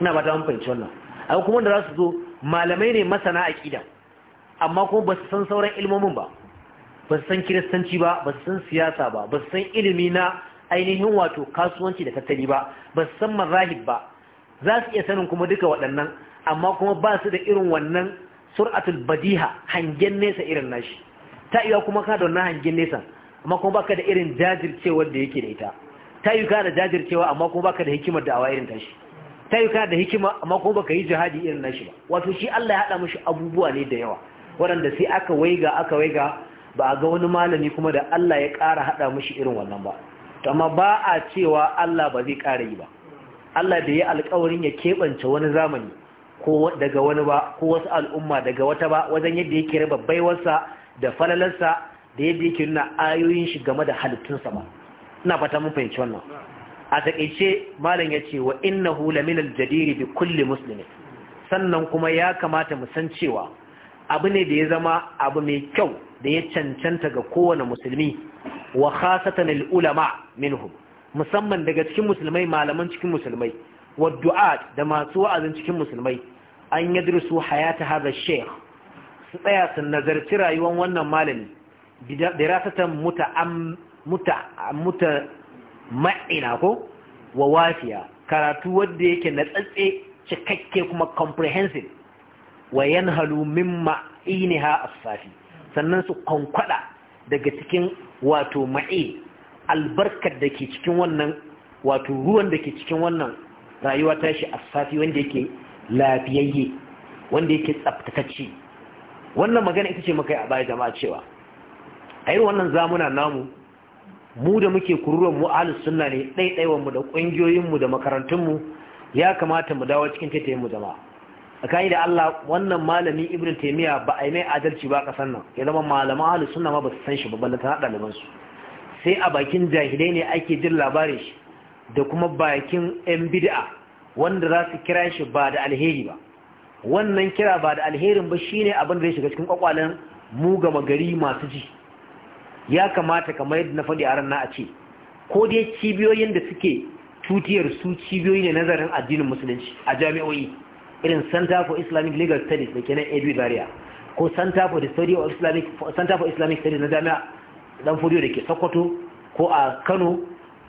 ina ba ta mun fahimci wannan ai kuma da zasu zo malamai ne masana aqida amma kuma ba su san sauran ilmomin ba ba su san kiristanci ba ba su san siyasa ba ba su san ilimi na ainihin wato kasuwanci da tattali ba ba su san mazahib ba za su iya sanin kuma duka waɗannan amma kuma ba su da irin wannan sur'atul badiha hangen nesa irin nashi ta iya kuma ka da hangin nesa amma kuma baka da irin jajircewar da yake da ita ta yi ka da jajircewa amma kuma baka da hikimar da awa irin tashi ta yi ka da hikima amma kuma baka yi jihadi irin nashi ba wato shi Allah ya haɗa mashi abubuwa ne da yawa waɗanda sai aka waiga aka waiga ba a ga wani malami kuma da Allah ya ƙara haɗa mashi irin wannan ba to amma ba a cewa Allah ba zai ƙara yi ba Allah da ya alƙawarin ya keɓance wani zamani ko daga wani ba ko wasu al'umma daga wata ba wajen yadda yake raba baiwarsa da falalarsa da yadda yake nuna ayoyin shi game da halittunsa ba ina fata mun fahimci wannan a taƙaice, malam ya ce wa Inna innahu lamin aljadiri bi kulli muslimin sannan kuma ya kamata mu san cewa abu ne da ya zama abu mai kyau da ya cancanta ga kowane musulmi wa khasatan al ulama minhum musamman daga cikin musulmai malaman cikin musulmai wa du'at da masu wa'azin cikin musulmai an yadrusu hayata hadha shaykh su tsaya su nazarci rayuwar wannan malami dirasatan muta ma'ina ko wa wafiya karatu wadda yake na tsatse cikakke kuma comprehensive wa yanhalu min ma'iniha as sannan su konkwada daga cikin wato ma'i albarkar da ke cikin wannan wato ruwan da ke cikin wannan rayuwa tashi a safi wanda yake lafiyayye wanda yake tsaftatacce wannan magana ita ce maka yi a baya jama'a cewa a yi wannan zamuna namu mu da muke kururuwan mu ahlus sunna ne ɗaiɗaiwan mu da ƙungiyoyinmu da makarantunmu ya kamata mu dawo cikin taitayin mu jama'a tsakani da Allah wannan malami Ibn taimiyya ba a yi mai adalci ba kasan nan ya zama malaman ahlus suna ma ba su san shi ba balle ta ɗaliban su sai a bakin jahilai ne ake jin labarin shi da kuma bakin yan bid'a wanda za su kira shi ba da alheri ba wannan kira ba da alherin ba shine abin da ya shiga cikin kwakwalen mu gama gari masu ji ya kamata kamar yadda na faɗi a ranar a ce ko dai cibiyoyin da suke tutiyar su cibiyoyi ne nazarin addinin musulunci a jami'o'i irin center for islamic legal studies da kenan edu zaria ko center for the study of islamic center for islamic studies na jami'a dan fodiyo da ke sokoto ko a kano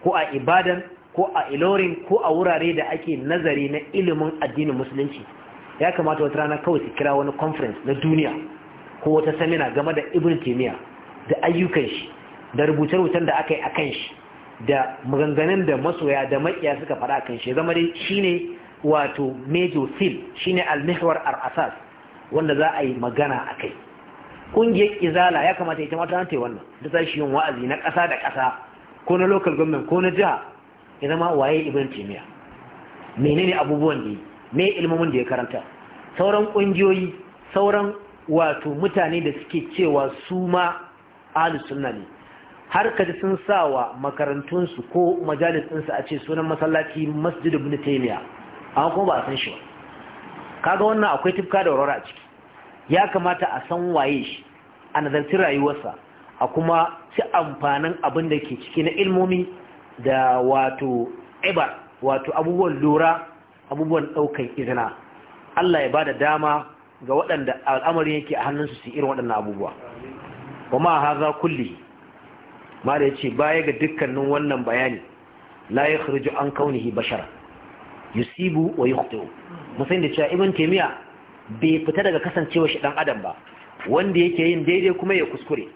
ko a ibadan ko a ilorin ko a wurare da ake nazari na ilimin addinin musulunci ya kamata wata rana kawai su kira wani conference na duniya ko wata samina game da ibn timiya da ayyukan shi da rubuce-rubucen da aka yi a kan shi da maganganun da masoya da makiya suka faɗa a kan shi zama dai shine wato major seal shine al-mihwar al-asas wanda za a yi magana a kai ƙungiyar izala ya kamata ita mata ta yi wannan da za shi yin wa'azi na ƙasa da ƙasa ko na lokal government ko na jiha ya zama waye ibn timiya menene abubuwan da yi me ilmomin da ya karanta sauran ƙungiyoyi sauran wato mutane da suke cewa su ma ahlus sunna ne har kaji sun wa makarantunsu ko majalisinsu a ce sunan masallaci masjid ibn taymiya amma kuma ba a san shi ba kaga wannan akwai tufka da warwara a ciki ya kamata a san waye shi a nazarci rayuwarsa a kuma ci amfanin abin da ke ciki na ilmomi da wato ibar wato abubuwan lura abubuwan ɗaukan izina Allah ya bada dama ga waɗanda al'amarin yake a hannunsu su irin waɗannan abubuwa wa ma haza kulli ma da yace baya ga dukkanin wannan bayani la yakhruju an kaunihi bashara yusibu wa yukhti'u musayin da cewa ibn taymiya bai fita daga kasancewar shi dan adam ba wanda yake yin daidai kuma ya kuskure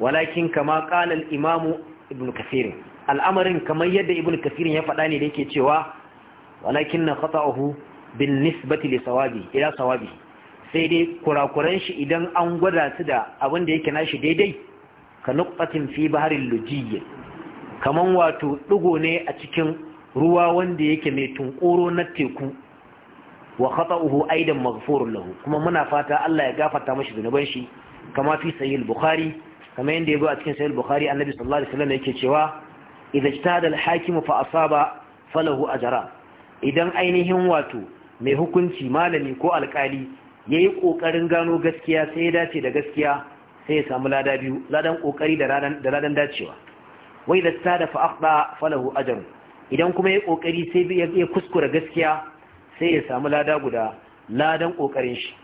walakin kama qala imamu ibn kathir al'amarin kamar yadda ibn kasirin ya faɗa ne da yake cewa walakin na khata'uhu bin nisbati li sawabi ila sawabi sai dai kurakuran shi idan an gwada su da abin da yake nashi daidai ka nuqatin fi baharil lujiyya kaman wato digo ne a cikin ruwa wanda yake mai tunkoro na teku wa khata'uhu aidan maghfurun lahu kuma muna fata Allah ya gafarta mashi zunuban shi kama fi sahih al-bukhari kama yanda yazo a cikin sahih bukhari annabi sallallahu alaihi wasallam yake cewa idza ijtahada al-hakimu fa asaba falahu ajran idan ainihin wato mai hukunci malami ko alkali ya yi ƙoƙarin gano gaskiya sai ya dace da gaskiya sai ya samu lada biyu ladan ƙoƙari da ladan dacewa wai da ta da fa'aɗa falahu ajaru idan kuma ya yi ƙoƙari sai ya kuskura gaskiya sai ya samu lada guda ladan ƙoƙarin shi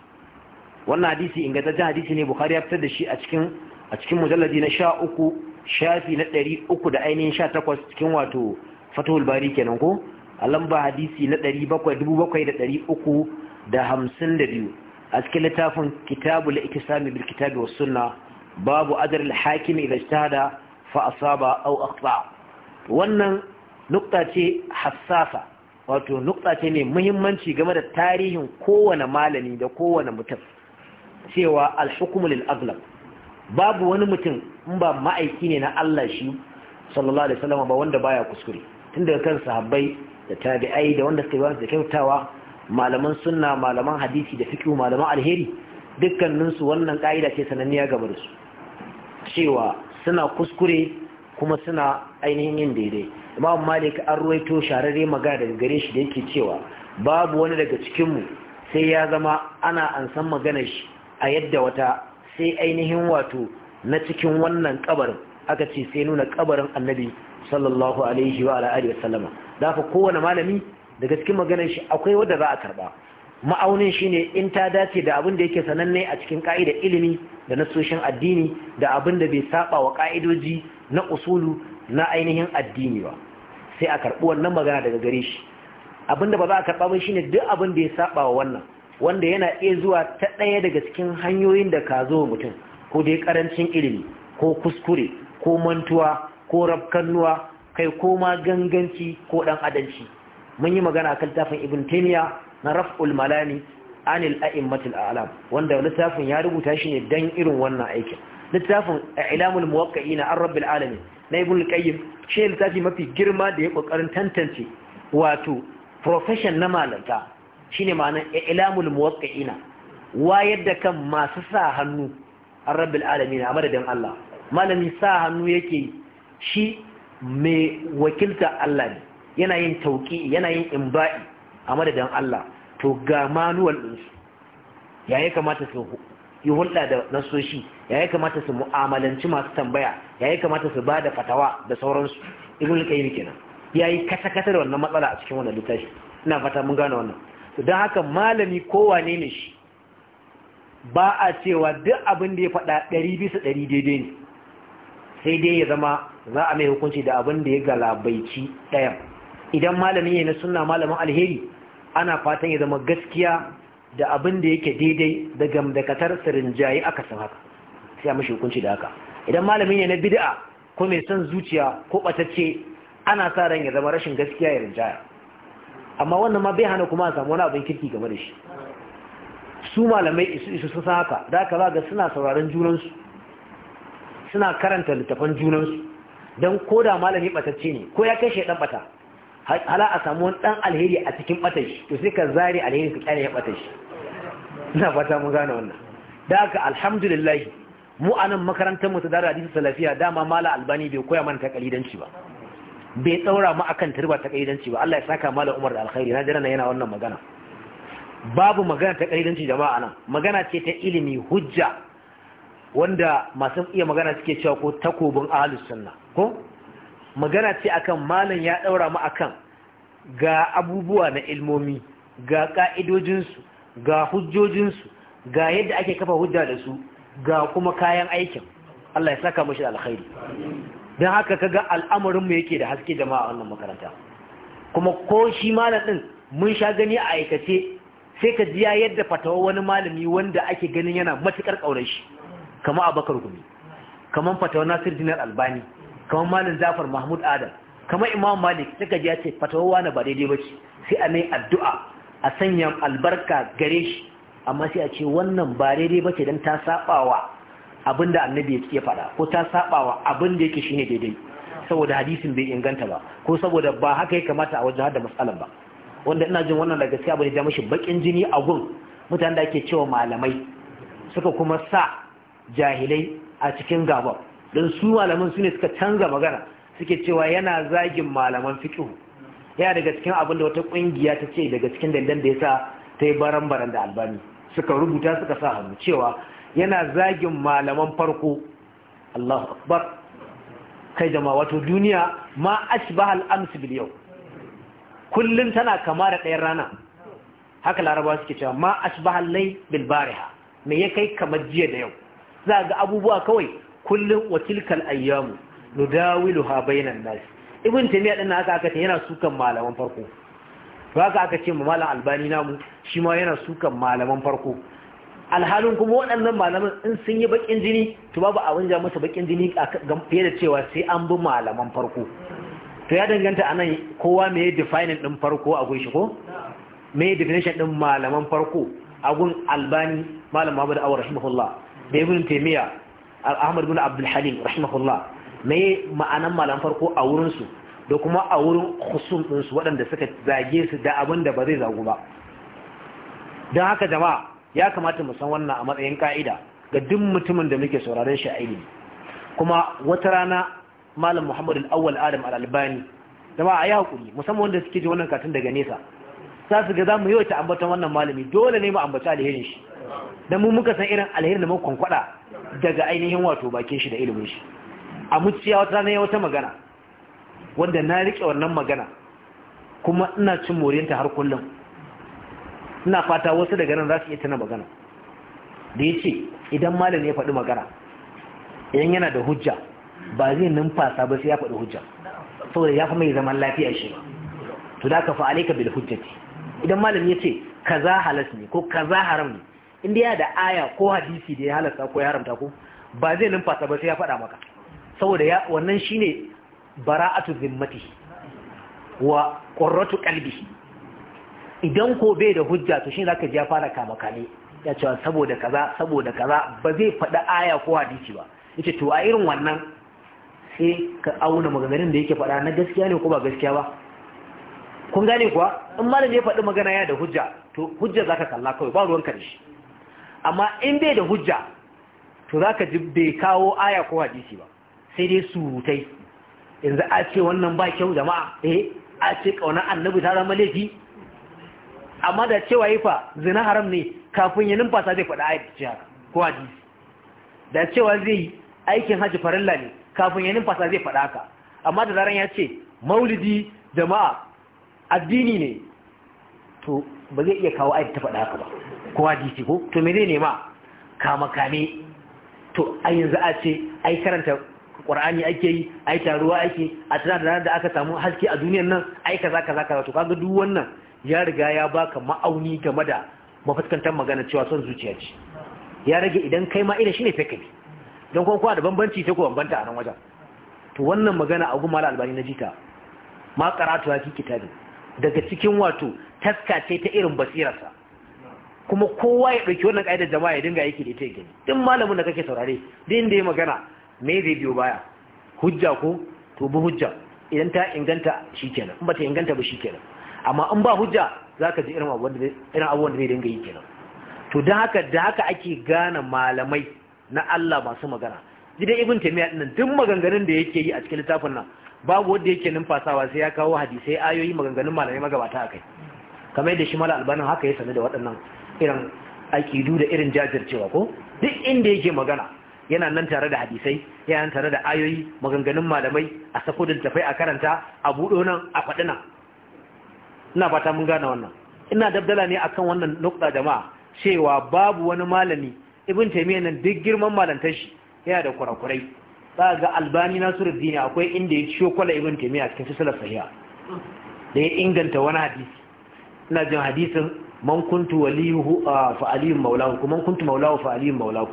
wannan hadisi ingantaccen hadisi ne bukhari ya fitar da shi a cikin a mujallaji na sha uku shafi na ɗari uku da ainihin sha takwas cikin wato fatahul bari kenan ko a lamba hadisi na ɗari ɗari bakwai bakwai dubu da da uku hamsin biyu a cikin littafin kitabu la sami bil kitabi wa sunna babu adar al-hakim ta hada fa asaba a akhta wannan nukta ce hassasa wato nukta ce mai muhimmanci game da tarihin kowane malami da kowane mutum cewa alhukumu lil azlam babu wani mutum in ba ma'aiki ne na Allah shi sallallahu alaihi wasallam ba wanda baya kuskure tun daga kan sahabbai da tabi'ai da wanda suka yi da kyautawa malaman sunna malaman hadisi da fikihu malaman alheri dukkaninsu wannan ka'ida ce sananniya ga su cewa suna kuskure kuma suna ainihin yin daidai imam malik an ruwaito shararre magana daga gare shi da yake cewa babu wani daga cikin mu sai ya zama ana ansan maganar shi a yadda wata sai ainihin wato na cikin wannan kabarin aka ce sai nuna kabarin annabi sallallahu alaihi wa alihi wa da fa kowane malami daga cikin maganar shi akwai wanda za a karba ma'aunin shi ne in ta dace da abin da yake sananne a cikin ka'idar ilimi da nasoshin addini da abin da bai saba wa ka'idoji na usulu na ainihin addini ba sai a karɓi wannan magana daga gare shi abin da ba za a karɓa ba shine duk abin da ya saba wa wannan wanda yana iya zuwa ta ɗaya daga cikin hanyoyin da ka zo mutum ko dai karancin ilimi ko kuskure ko mantuwa ko rabkannuwa kai koma ganganci ko dan adalci mun yi magana kan tafin ibn taymiya na raf'ul malami anil a'immatil a'lam wanda littafin ya rubuta shi ne dan irin wannan aikin littafin i'lamul muwaqqi'in an rabbil alamin na ibn al-qayyim shi littafi mafi girma da ya kokarin tantance wato profession na malanta shine ma'anar i'lamul muwaqqi'in wayar da kan masu sa hannu an rabbil alamin a madadin Allah malami sa hannu yake shi mai wakilta Allah ne yana yin tauki yana yin imba'i a madadin Allah to ga manuwal ɗinsu ya yi kamata su yi hulɗa da nasoshi ya yi kamata su mu'amalanci masu tambaya ya yi kamata su ba da fatawa da sauransu ibn al-qayyim kenan ya yi kasa-kasa da wannan matsala a cikin wannan littafi ina fata mun gane wannan to don haka malami kowane ne shi ba a cewa duk abin da ya faɗa ɗari bisa ɗari daidai ne sai dai ya zama za a mai hukunci da abin da ya galabaici ɗayan idan malamin yana suna malamin alheri ana fatan ya zama gaskiya da abin da yake daidai da gamdakatar sirinjaye aka san haka sai a mashi hukunci da haka idan malamin yana bid'a ko mai son zuciya ko batacce ana sa ran ya zama rashin gaskiya ya rinjaya amma wannan ma bai hana kuma a samu wani abin kirki game da shi su malamai isu sun san haka da za ga suna sauraron junansu suna karanta littafan junansu don ko da malami ɓatacce ne ko ya kai shaidan bata hala a samu wani ɗan alheri a cikin batar shi to sai ka zare alheri ka kyara ya batar shi ina fata mun gane wannan da aka alhamdulillahi mu a nan makarantar mu ta dara hadisi salafiya dama mala albani bai koya mana ci ba bai tsaura mu akan turba ci ba Allah ya saka mala umar da alkhairi na jira yana wannan magana babu magana ci jama'a nan magana ce ta ilimi hujja wanda masu iya magana suke cewa ko takobin ahalus sunna ko magana ce akan malam ya ɗaura mu akan ga abubuwa na ilmomi ga ka'idojinsu ga hujjojinsu ga yadda ake kafa hujja da su ga kuma kayan aikin Allah ya saka shi alkhairi don haka kaga al'amarin mu yake da haske jama'a wannan makaranta kuma ko shi malam din mun sha gani a aikace sai ka ji ya yadda fatawa wani malami wanda ake ganin yana matukar ƙaunar shi kamar abakar gumi kamar fatawa nasir dinar albani kamar malin zafar mahmud adam kamar imam malik suka ji ya ce fatawa na ba daidai ba ce sai a nai addu'a a sanya albarka gare shi amma sai a ce wannan ba daidai ba ce don ta sabawa abin da annabi ya faɗa ko ta sabawa abin da yake ne daidai saboda hadisin bai inganta ba ko saboda ba haka ya kamata a wajen hada matsalan ba wanda ina jin wannan daga gaskiya bane da mashi bakin jini a gun mutanen da ake cewa malamai suka kuma sa jahilai a cikin gaba don su malaman su ne suka canza magana suke cewa yana zagin malaman fiƙi yana daga cikin abin da wata ƙungiya ta ce daga cikin dandan da ya sa ta yi baran-baran da albani suka rubuta suka sa hannu cewa yana zagin malaman farko Allahu akbar kai da ma wato duniya ma ashbahal amsi bil yau kullum tana kama da ɗayan rana haka larabawa suke cewa ma ashbahal lai bil bariha me ya kai kamar jiya da yau za ga abubuwa kawai kullum watilkal ayyamu nudawiluha bainan nas ibn tamiya din haka aka ce yana sukan malaman farko to haka aka ce mu malam albani namu shi ma yana sukan malaman farko alhalin kuma waɗannan malaman in sun yi bakin jini to babu abin ja masa bakin jini fiye da cewa sai an bi malaman farko to ya danganta anan kowa me define din farko a gun shi ko me definition din malaman farko a gun albani malam Muhammad Awar rahimahullah da ibn taymiya al-ahmad ibn abdul halim rahimahullah me ma'anan malam farko a wurin su da kuma a wurin khusum din su waɗanda suka zage su da abin da ba zai zagu ba don haka jama'a ya kamata mu san wannan a matsayin ka'ida ga duk mutumin da muke sauraron shi a ilimi kuma wata rana malam muhammad al-awwal adam al-albani jama'a ayi hakuri musamman wanda suke ji wannan katun daga nesa za su ga za mu yi wata ambatan wannan malami dole ne mu ambaci alherin shi dan mu muka san irin alherin da muka kwankwada daga ainihin wato bakin shi da ilimin shi a muciya wata rana ya wata magana wanda na riƙe wannan magana kuma ina cin morinta har kullum ina fata wasu daga nan za su iya tana magana da ya ce idan malami ya faɗi magana idan yana da hujja ba zai numfasa ba sai ya faɗi hujja saboda ya fi mai zaman lafiya shi to da ka bil hujjati idan malam ya ce kaza halas ne ko kaza haram ne inda ya da aya ko hadisi da ya halasta ko ya haramta ko ba zai numfasa ba sai ya faɗa maka saboda wannan wannan ne bara'atu zimmati wa qurratu ƙalbi idan ko bai da hujja to za zaka ji ya fara kama kale ya cewa saboda kaza saboda kaza ba zai faɗa aya ko hadisi ba yace to a irin wannan sai ka auna maganganun da yake faɗa na gaskiya ne ko ba gaskiya ba kun gane kuwa in malam ya faɗi magana ya da hujja to hujja zaka kalla kawai ba ruwan shi. amma in bai da hujja to zaka ji bai kawo aya ko hadisi ba sai dai surutai yanzu a ce wannan ba kyau jama'a eh a ce kaunar annabi ta zama laifi amma da cewa yi fa zina haram ne kafin ya numfasa zai faɗa aiki ko hadisi da cewa zai yi aikin hajji farilla ne kafin ya numfasa zai faɗa haka amma da zaran ya ce maulidi jama'a addini ne to ba zai iya kawo ayat ta faɗa haka ba ko hadisi ko to menene ne ma kama kame to a yanzu a ce ai karanta qur'ani ake yi ai taruwa ake a tana da ranar da aka samu haske a duniyar nan ai kaza kaza kaza to kaga duk wannan ya riga ya baka ma'auni game da mafuskantar magana cewa son zuciya ce ya rage idan kai ma ina shine fake don kuma kuwa da bambanci sai ko bambanta a nan wajen to wannan magana a gumala albani na jita ma karatu ya fi daga cikin wato taska ce ta irin basirarsa kuma kowa ya ɗauki wannan ƙa'idar jama'a ya dinga aiki da ita ya gani duk malamin da kake saurare din inda ya magana me zai biyo baya hujja ko to bi hujja idan ta inganta shikenan in bata inganta ba shikenan amma in ba hujja zaka ji irin abubuwan da zai dinga yi kenan to dan haka da haka ake gane malamai na Allah masu magana idan ibn taymiya din din maganganun da yake yi a cikin littafin nan babu wanda yake numfasawa sai ya kawo hadisai ayoyi maganganun malamai magabata a kai kamar yadda shi mala albanin haka ya sanu da waɗannan irin akidu da irin jajircewa ko duk inda yake magana yana nan tare da hadisai yana tare da ayoyi maganganun malamai a sako da tafai a karanta a buɗo nan a faɗi nan ina fata mun gane wannan ina dabdala ne akan wannan nukta jama'a cewa babu wani malami ibn taimiyan nan duk girman malantar shi yana da kurakurai Ba ga albani nasiruddin akwai inda ya ciyo kwala ibn taymiya cikin silsilar sahiha da ya inganta wani hadisi ina jin hadisin man kuntu walihu fa aliyun maulahu kuma man kuntu maulahu fa aliyun maulahu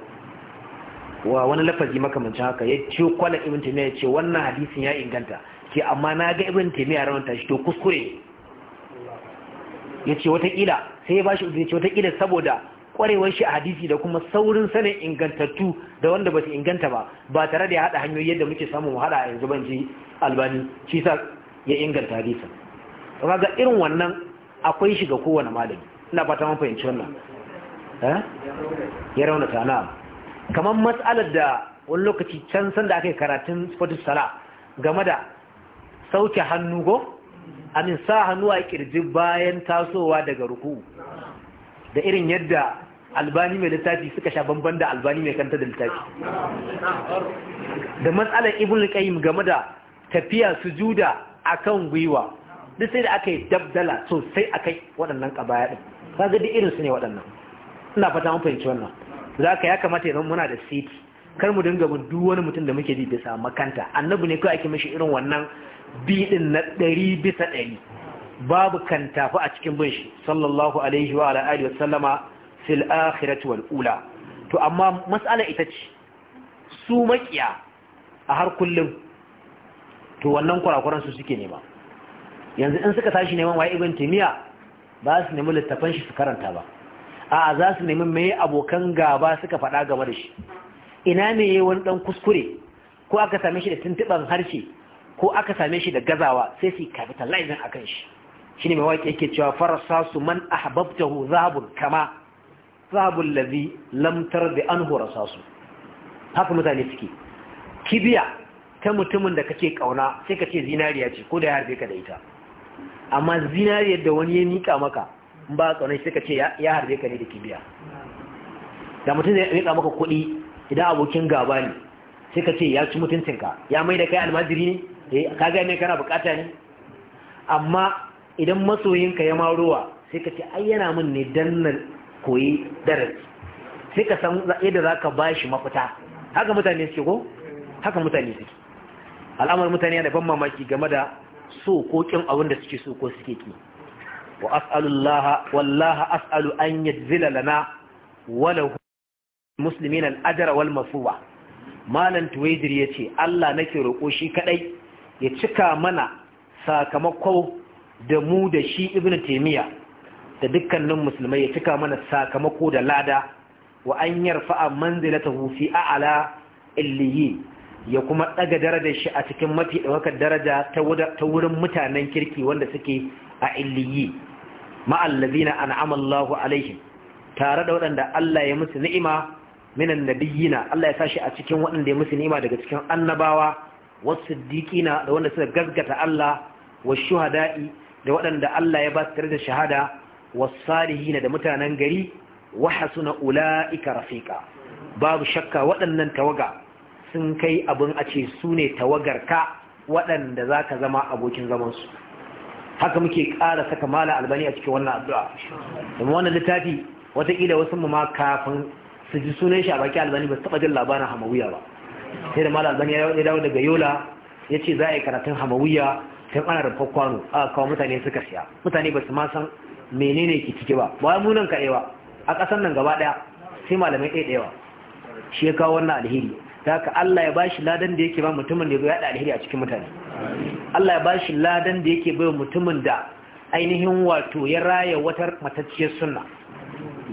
wa wani lafazi makamancin haka ya ciyo kwallo ibn taymiya ya ce wannan hadisin ya inganta ke amma na ga ibn taymiya ran shi to kuskure ya ce watakila sai ya bashi ya ce watakila saboda kwarewar shi a hadisi da kuma saurin sanin ingantattu da wanda ba su inganta ba ba tare da ya haɗa hanyoyi yadda muke samun haɗa a yanzu ban ji albani shi sa ya inganta hadisi amma ga irin wannan akwai shiga kowane malami ina fata mun fahimci wannan eh? ya rauna na kamar matsalar da wani lokaci can san da aka karatun sportis sala game da sauke hannu ko amin sa hannu a kirji bayan tasowa daga ruku da irin yadda albani mai littafi suka sha bamban da albani mai kanta da littafi da matsalar ibn qayyim game da tafiya sujuda akan gwiwa duk sai da aka yi dabdala sosai akai waɗannan kabaya din kaga duk irin su ne waɗannan ina fata mun fahimci wannan zaka ya kamata idan muna da siti kar mu dinga mu duk wani mutum da muke ji sa makanta annabi ne kawai ake mishi irin wannan biɗin na ɗari bisa ɗari babu kanta a cikin bin shi sallallahu alaihi wa alihi wa sallama fil akhirati wal ula to amma mas'ala ita ce su makiya a har kullum to wannan kurakuran su suke nema yanzu in suka tashi neman waye ibn timiya ba su nemi littafan shi su karanta ba a za su nemi mai abokan gaba suka faɗa gaba da shi ina ne yayi wani dan kuskure ko aka same shi da tuntuban harshe ko aka same shi da gazawa sai su capitalize akan shi shine mai waƙe yake cewa farasa su man ahbabtahu zahabun kama sabul ladhi lam tardi anhu rasasu haka mutane suke kibiya ta mutumin da kake kauna sai ka ce zinariya ce ko da ya harbe ka da ita amma zinariya da wani ya mika maka in ba kauna sai ka ce ya harbe ka ne da kibiya da mutum zai mika maka kuɗi idan abokin gaba ne sai ka ce ya ci mutuncinka ya mai da kai almajiri ne eh, ka ga ne kana bukata ne amma idan masoyinka ya maruwa sai ka ce ai yana min ne dannan koyi darasi sai ka san yadda za ka bashi mafita haka mutane suke ko haka mutane suke al'amarin mutane yana ban mamaki game da so ko kin abin da suke so ko suke ki wa as'alullah wallahi as'alu an yadzila lana wa lahu muslimin al-ajra wal mafuwa malam tuwaidir yace Allah nake roko shi kaɗai ya cika mana sakamako da mu da shi ibnu taymiya da dukkanin musulmai ya cika mana sakamako da lada wa an yarfa'a manzilatahu fi a'la illiyi ya kuma ɗaga darajar shi a cikin mafi ɗaukar daraja ta wurin mutanen kirki wanda suke a illiyi ma'allazina an'ama Allahu alaihim tare da waɗanda Allah ya musu ni'ima minan nabiyina Allah ya shi a cikin waɗanda ya musu ni'ima daga cikin annabawa wasu diƙina da wanda suka gaskata Allah wa shuhada'i da waɗanda Allah ya ba su tare da shahada والصالحين da mutanen gari wahasuna ulaika rafiqa babu shakka waɗannan tawaga sun kai abin a ce tawagar ka tawagarka waɗanda zaka zama abokin zamansu haka muke ƙara saka mala albani a cikin wannan addu'a domin wannan littafi watakila wasu mu ma kafin su ji sunan shi a baki albani ba su taɓa jin labarin hamawiya ba sai da mala albani ya dawo daga yola ya ce za a yi karatun hamawiya sai ana rufa kwano a kawo mutane suka siya mutane ba su ma san menene ke ciki ba ba mu nan kaɗai a ƙasar nan gaba ɗaya sai malamai ɗaya ɗaya shi ya kawo wannan alheri da haka Allah ya bashi ladan da yake ba mutumin da ya da alheri a cikin mutane Allah ya bashi ladan da yake bai mutumin da ainihin wato ya raya wata matacciyar sunna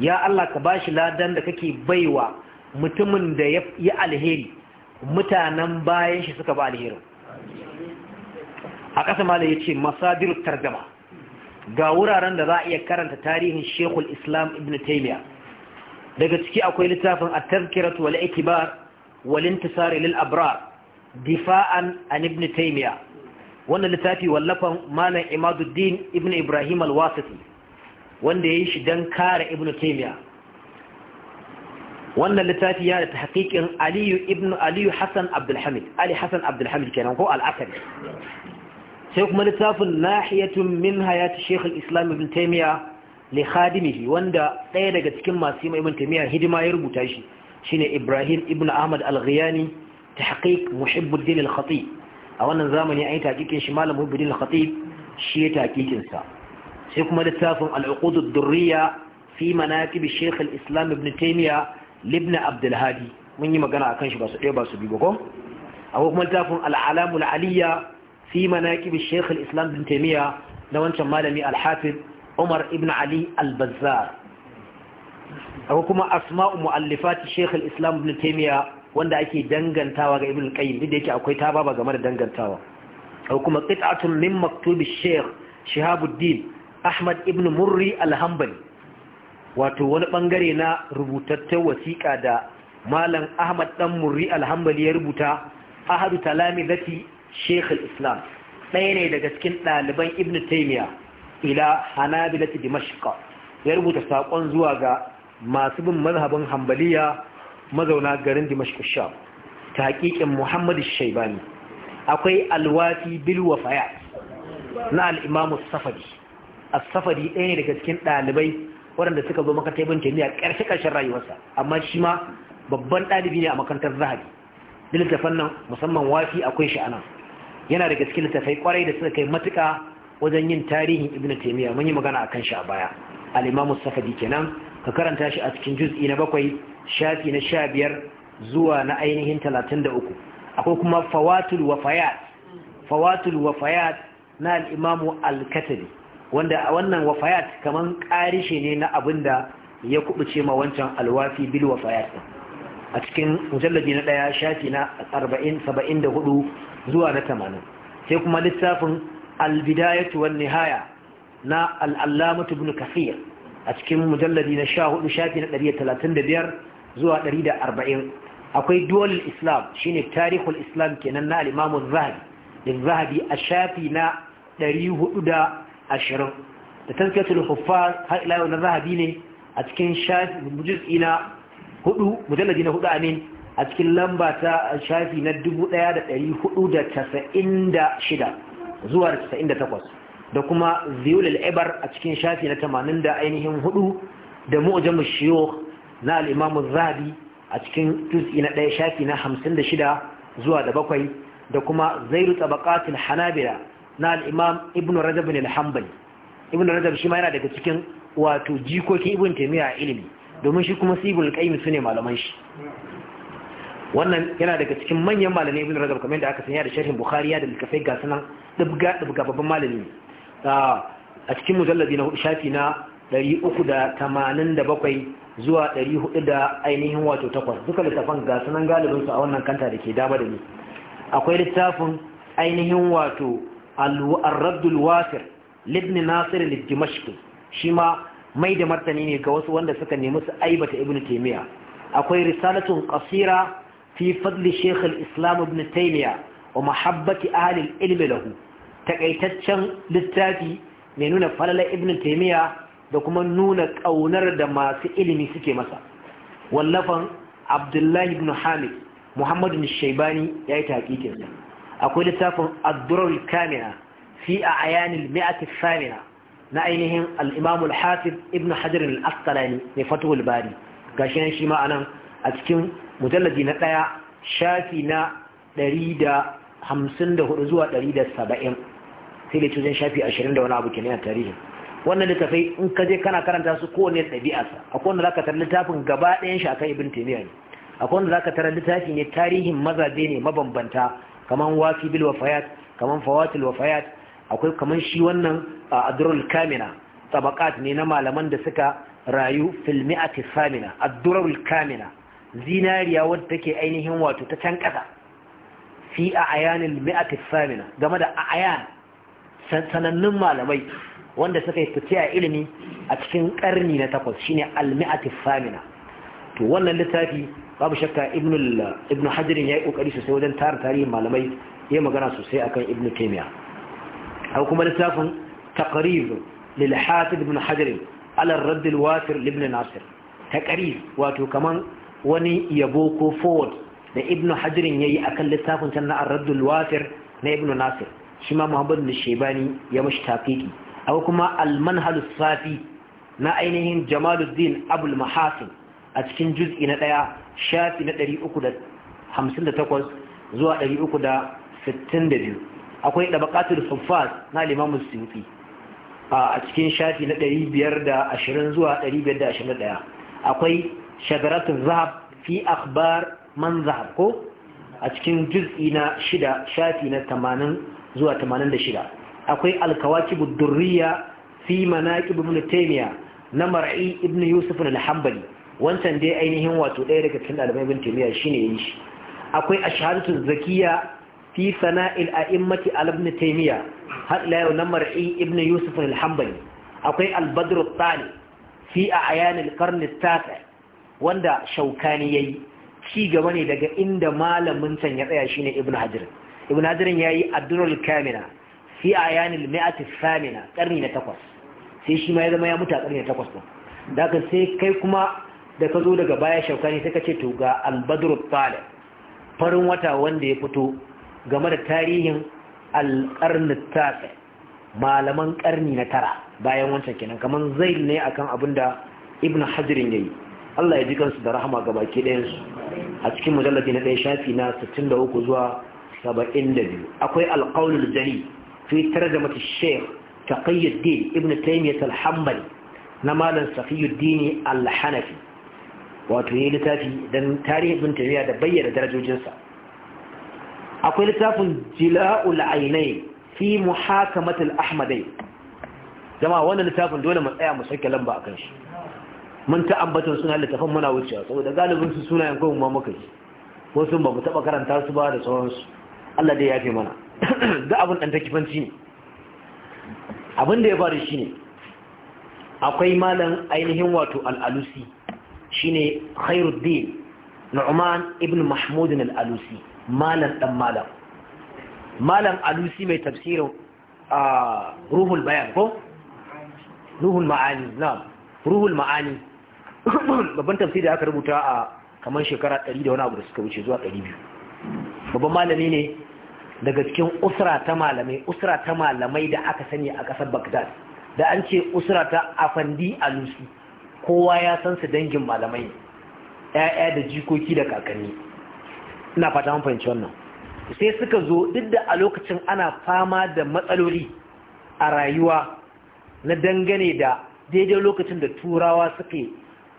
ya Allah ka bashi ladan da kake baiwa mutumin da ya alheri mutanen bayan shi suka ba alherin a kasa malam ya ce masadir targama ga wuraren da za a iya karanta tarihin shekul islam ibn taimiyya daga ciki akwai littafin a tazkiratu wal ikibar walinta intisari lil abrar difa'an an ibn taimiyya wannan littafi wallafan malam imaduddin ibn ibrahim al-wasiti wanda ya yi shi don kare ibn taimiyya wannan littafi ya da ta aliyu aliyu hasan abdulhamid ali hasan abdulhamid kenan ko al sai kuma littafin nahiyatun min hayati shekhar islam ibn taymiya li khadimihi wanda ɗaya daga cikin masu yi ibn taymiya hidima ya rubuta shi shine ibrahim ibn ahmad al-ghiyani tahqiq muhibbuddin al-khatib a wannan zamani an yi taqiqin shi malam muhibbuddin al-khatib shi ya taqiqin sa sai kuma littafin al-uqud ad-durriya fi manaqib shekhar islam ibn taimiyya libn al hadi mun yi magana akan shi ba su ɗaya ba su biyu ba ko akwai kuma littafin al-alamul aliyya fi manaqib Sheikh al-Islam bin Taymiyyah na wancan malami al Umar ibn Ali al-Bazzar kuma asma'u mu'allifat Sheikh al-Islam bin Taymiyyah wanda ake dangantawa ga Ibn al-Qayyim da yake akwai tababa game da dangantawa akwai kuma qit'atun min maktubi Sheikh Shihabuddin Ahmad ibn Murri al wato wani bangare na rubutattun wasiƙa da malam Ahmad dan Murri al ya rubuta ahadu talamizati shekul islam ɗaya ne daga cikin ɗaliban ibn taimiya ila hanabilat ta ya rubuta saƙon zuwa ga masu bin mazhabin hambaliya mazauna garin dimashik sham ta hakikin muhammadu shaibani akwai alwafi bil wafaya na al'imamu safadi as safadi ɗaya ne daga cikin ɗalibai waɗanda suka zo makarantar ibn taimiya ƙarshe ƙarshen rayuwarsa amma shi ma babban ɗalibi ne a makarantar zahabi littafin fannin musamman wafi akwai shi a nan yana da gaske littafai kwarai da suka kai matuka wajen yin tarihin ibn taymiya mun yi magana akan shi a baya al-imam safadi kenan ka karanta shi a cikin juz'i na bakwai shafi na sha biyar zuwa na ainihin talatin da uku akwai kuma fawatul wafayat fawatul wafayat na al-imam al-katabi wanda wannan wafayat kaman karishe ne na da ya kubuce ma wancan alwafi bil wafayat a cikin mujallabi na daya shafi na 40 74 zuwa na tamanin sai kuma littafin albidayatu wan nihaya na al'amatu ibn kathir a cikin mujalladi na hudu shafi na biyar zuwa arba'in. akwai duwal islam shine tarihul islam kenan na al-imamu zahabi zahabi a shafi na ashirin. da tazkiyatul huffaz har ila yau na zahabi ne a cikin shafi na hudu mujalladi na hudu amin a cikin lamba ta shafi na 1496 zuwa 98 da kuma ziyul al'ibar a cikin shafi na 80 da ainihin hudu da mu'jamu shiyukh na al-imamu zabi a cikin juz'i na 1 shafi na 56 zuwa da bakwai da kuma zairu tabaqatil hanabila na al-imam ibnu rajab bin al-hanbali ibnu rajab shi ma yana daga cikin wato jikokin ibn taymiya ilimi domin shi kuma sibul qayyim sune malaman shi wannan yana daga cikin manyan malamai ibn rajab kamar da aka sanya da sharhin bukhari ya da likafai ga sanan dubga dubga babban malami a cikin mujalladi na hudu shafi na 387 zuwa 400 da ainihin wato takwas duka littafan ga sanan galibin su a wannan kanta da ke dama da ni akwai littafin ainihin wato al-raddul wasir libni nasir al dimashq shi ma mai da martani ne ga wasu wanda suka nemi su aibata ibnu taymiya akwai risalatun qasira fi fadli Sheikh al-Islam Ibn Taymiyyah wa muhabbati ahli Ilimi lahu takaitaccen littafi mai nuna falala Ibn Taymiyyah da kuma nuna ƙaunar da masu ilimi suke masa wallafan Abdullahi ibn Hamid Muhammad ibn Shaybani yayi taqiqin sa akwai littafin ad Kamina al-Kamila fi a'yan al-mi'at al-thamina na ainihin al-Imam hafiz Ibn Hajar al-Asqalani mai Fathul Bari gashi nan shi ma anan a cikin mujallaji na ɗaya shafi na ɗari da hamsin da hudu zuwa ɗari da saba'in sai da shafi ashirin da wani abu kenan a tarihi wannan littafai in ka je kana karanta su kowane ɗabi'arsa a kowane za ka tarar littafin gaba ɗayan shi kan ibin taymiya ne kowane za ka tarar littafi ne tarihin mazaje ne mabambanta kamar wafi bil wafayat kamar fawatil wafayat akwai kamar shi wannan a adrul kamina tsabakat ne na malaman da suka rayu Filmi atifamina, tisamina kamina zinariya wadda take ainihin wato ta can ƙasa fi a ayanin mi'atif samina game da ayan sanannun malamai wanda suka yi fice a ilimi a cikin karni na takwas shine al-mi'atif samina to wannan littafi babu shakka ibnu hajjirin ya yi ƙoƙari sosai wajen tara tarihin malamai ya magana sosai akan ibnu taimiya a kuma littafin taqrib lil hatib ibn hajjirin ala radd ibn nasir taqrib wato kaman wani yabo ko forward da ibnu hajirin ya yi a kan littafin can na arraddul wafir na ibnu nasir shi ma muhammadu da shebani ya mashi tafiki akwai kuma almanhalu safi na ainihin jamaluddin abul mahasin a cikin juz'i na ɗaya shafi na 358 zuwa 362 akwai ɗabakatul sufas na limamun suyuti a cikin shafi na 520 zuwa 521 akwai shadaratun zahab fi akhbar man zahab ko a cikin juz'i na shida shafi na tamanin zuwa tamanin da shida akwai alkawakibu durriya fi manaqib ibn na mar'i ibn yusuf al wancan dai ainihin wato ɗaya daga cikin ɗalibai ibn taymiya shine shi akwai ashhadatu zakiya fi sana'il a'immati al ibn taymiya har na mar'i ibn yusuf al akwai al-badr fi a'yan al-qarn al-tasi wanda shaukani yayi ci gaba ne daga inda malamin can ya tsaya shine ibn hajar ibn hajar yi adunar kamina fi ayanil mi'ati thamina karni na takwas sai shi ma ya zama ya mutu a karni na takwas ba da sai kai kuma da ka zo daga baya shaukani sai ka ce to ga al-badr farin wata wanda ya fito game da tarihin al malaman karni na tara bayan wancan kenan Kamar zai ne akan abin da ibn ya yi. Allah ya ji kansu da rahama ga baki ɗayansu a cikin mujallabi na ɗaya shafi na 63 zuwa 72 akwai alƙaulul jari fi mata Sheikh Taqiyuddin Ibn Taymiyyah al-Hanbali na malam Safiyuddin al wato yayin littafi don tarihin Ibn Taymiyyah da bayyana darajojinsa akwai littafin Jila'ul Ainai fi Muhakamatul Ahmadai Zama wannan littafin dole mu tsaya mu sauke lamba kan shi mun ta ambatar suna littafin muna wucewa saboda galibin su sunayen kawai ma muka yi sun ba mu taɓa karanta su ba da sauransu Allah dai ya fi mana duk abin ɗan takifanci ne abin da ya faru shi ne akwai malam ainihin wato al shi ne khairuddin nu'man ibn mahmudin Al-Alusi. malam ɗan malam malam alusi mai tafsirin ruhul bayan ko ruhul ma'ani na ruhul ma'ani babban da aka rubuta a kamar shekara 100 da wani abu da suka wuce zuwa 200 babban malami ne daga cikin usra ta malamai usra ta malamai da aka sani a ƙasar Bagdad da an ce usra ta afandi Lusi, kowa ya san su dangin malamai 'ya'ya da jikoki da kakanni ina fata mun fahimci wannan sai suka zo duk da a lokacin ana fama da matsaloli a rayuwa na dangane da daidai lokacin da turawa suke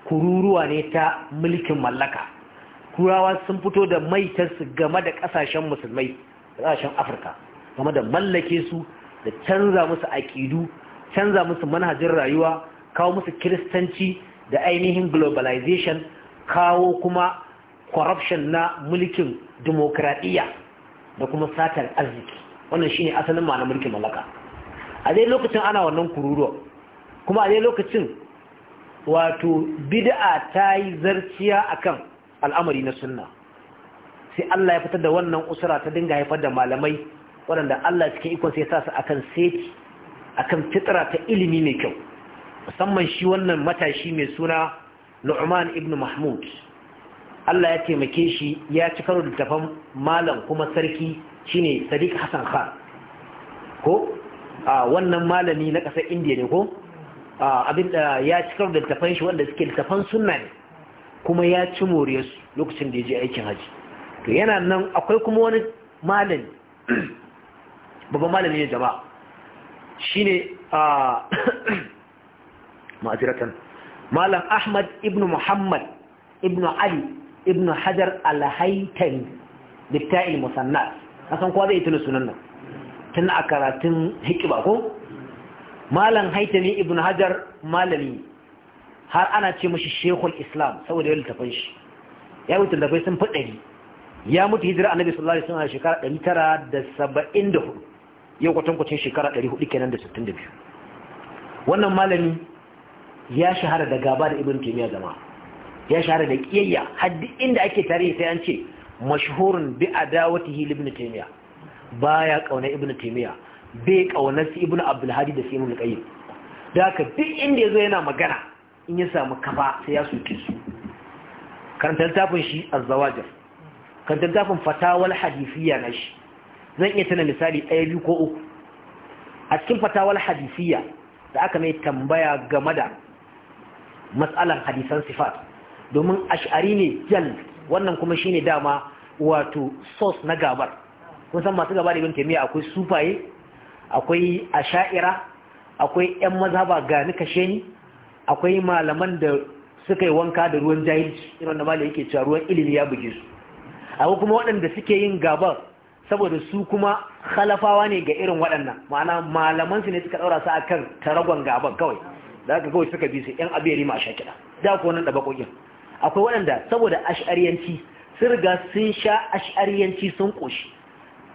kururuwa ne ta mulkin mallaka Kurawa sun fito da maitarsu game da kasashen musulmai kasashen afirka game da mallake su da canza musu aƙidu canza musu manhajin rayuwa kawo musu kiristanci da ainihin globalization kawo kuma corruption na mulkin demokradiyya da kuma satar arziki wannan shine asalin ma'anar mulkin mallaka a dai lokacin ana wannan kururuwa kuma a dai lokacin wato bid'a ta yi zarciya akan al'amari na sunna sai Allah ya fitar da wannan usura ta dinga haifar da malamai waɗanda Allah cikin ikon sai sa su akan seti akan fitara ta ilimi mai kyau musamman shi wannan matashi mai suna Nu'man ibn Mahmud Allah ya taimake shi ya ci karo da tafan malam kuma sarki shine Sadiq Hassan Khan ko wannan malami na ƙasar Indiya ne ko abin da ya cikar da tafan shi wanda suke tafan sunna ne kuma ya ci moriyarsu lokacin da ya je aikin haji to yana nan akwai kuma wani malin babban malin ne jama'a shine a ma'aziratan malam ahmad ibn muhammad ibn ali ibn hajar alhaitan littai musanna kasan kowa zai tuna sunan nan tun a karatun hikiba ko malam haitami ibn hajar malami har ana ce mashi shekul islam saboda yau littafin shi ya mutu littafai sun fi ya mutu hijira annabi sallallahu alaihi wasallam shekara ɗari tara da saba'in da hudu yau kwatankwacin shekara ɗari hudu kenan da sittin da biyu wannan malami ya shahara da gaba da ibn kimiyya zama ya shahara da kiyayya haddi inda ake tarihi sai an ce mashhurun bi adawatihi ibn taymiya baya kauna ibn kimiyya bai ƙaunar su ibnu abdulhadi da su ibnu da aka duk inda ya zo yana magana in ya samu kafa sai ya suke su karanta littafin shi a zawajar, karanta littafin fatawar hadisiyya na shi zan iya tana misali ɗaya biyu ko uku a cikin fatawar hadisiyya da aka mai tambaya game da matsalar hadisan sifat domin ash'ari ne jal wannan kuma shine dama wato Sos na gabar kun san masu gaba da ibn taymiya akwai sufaye akwai asha'ira akwai 'yan mazhaba gani kashe ni akwai malaman da suka yi wanka da ruwan jahilci irin da malai yake cewa ruwan ilimi ya buge su akwai kuma waɗanda suke yin gaba saboda su kuma khalafawa ne ga irin waɗannan ma'ana malaman su ne suka ɗaura su akan taragon gaban kawai da ka kawai suka bi su yan abiyari ma sha kiɗa da ko nan da bakokin akwai waɗanda saboda ash'ariyanci sun riga sun sha ash'ariyanci sun ƙoshi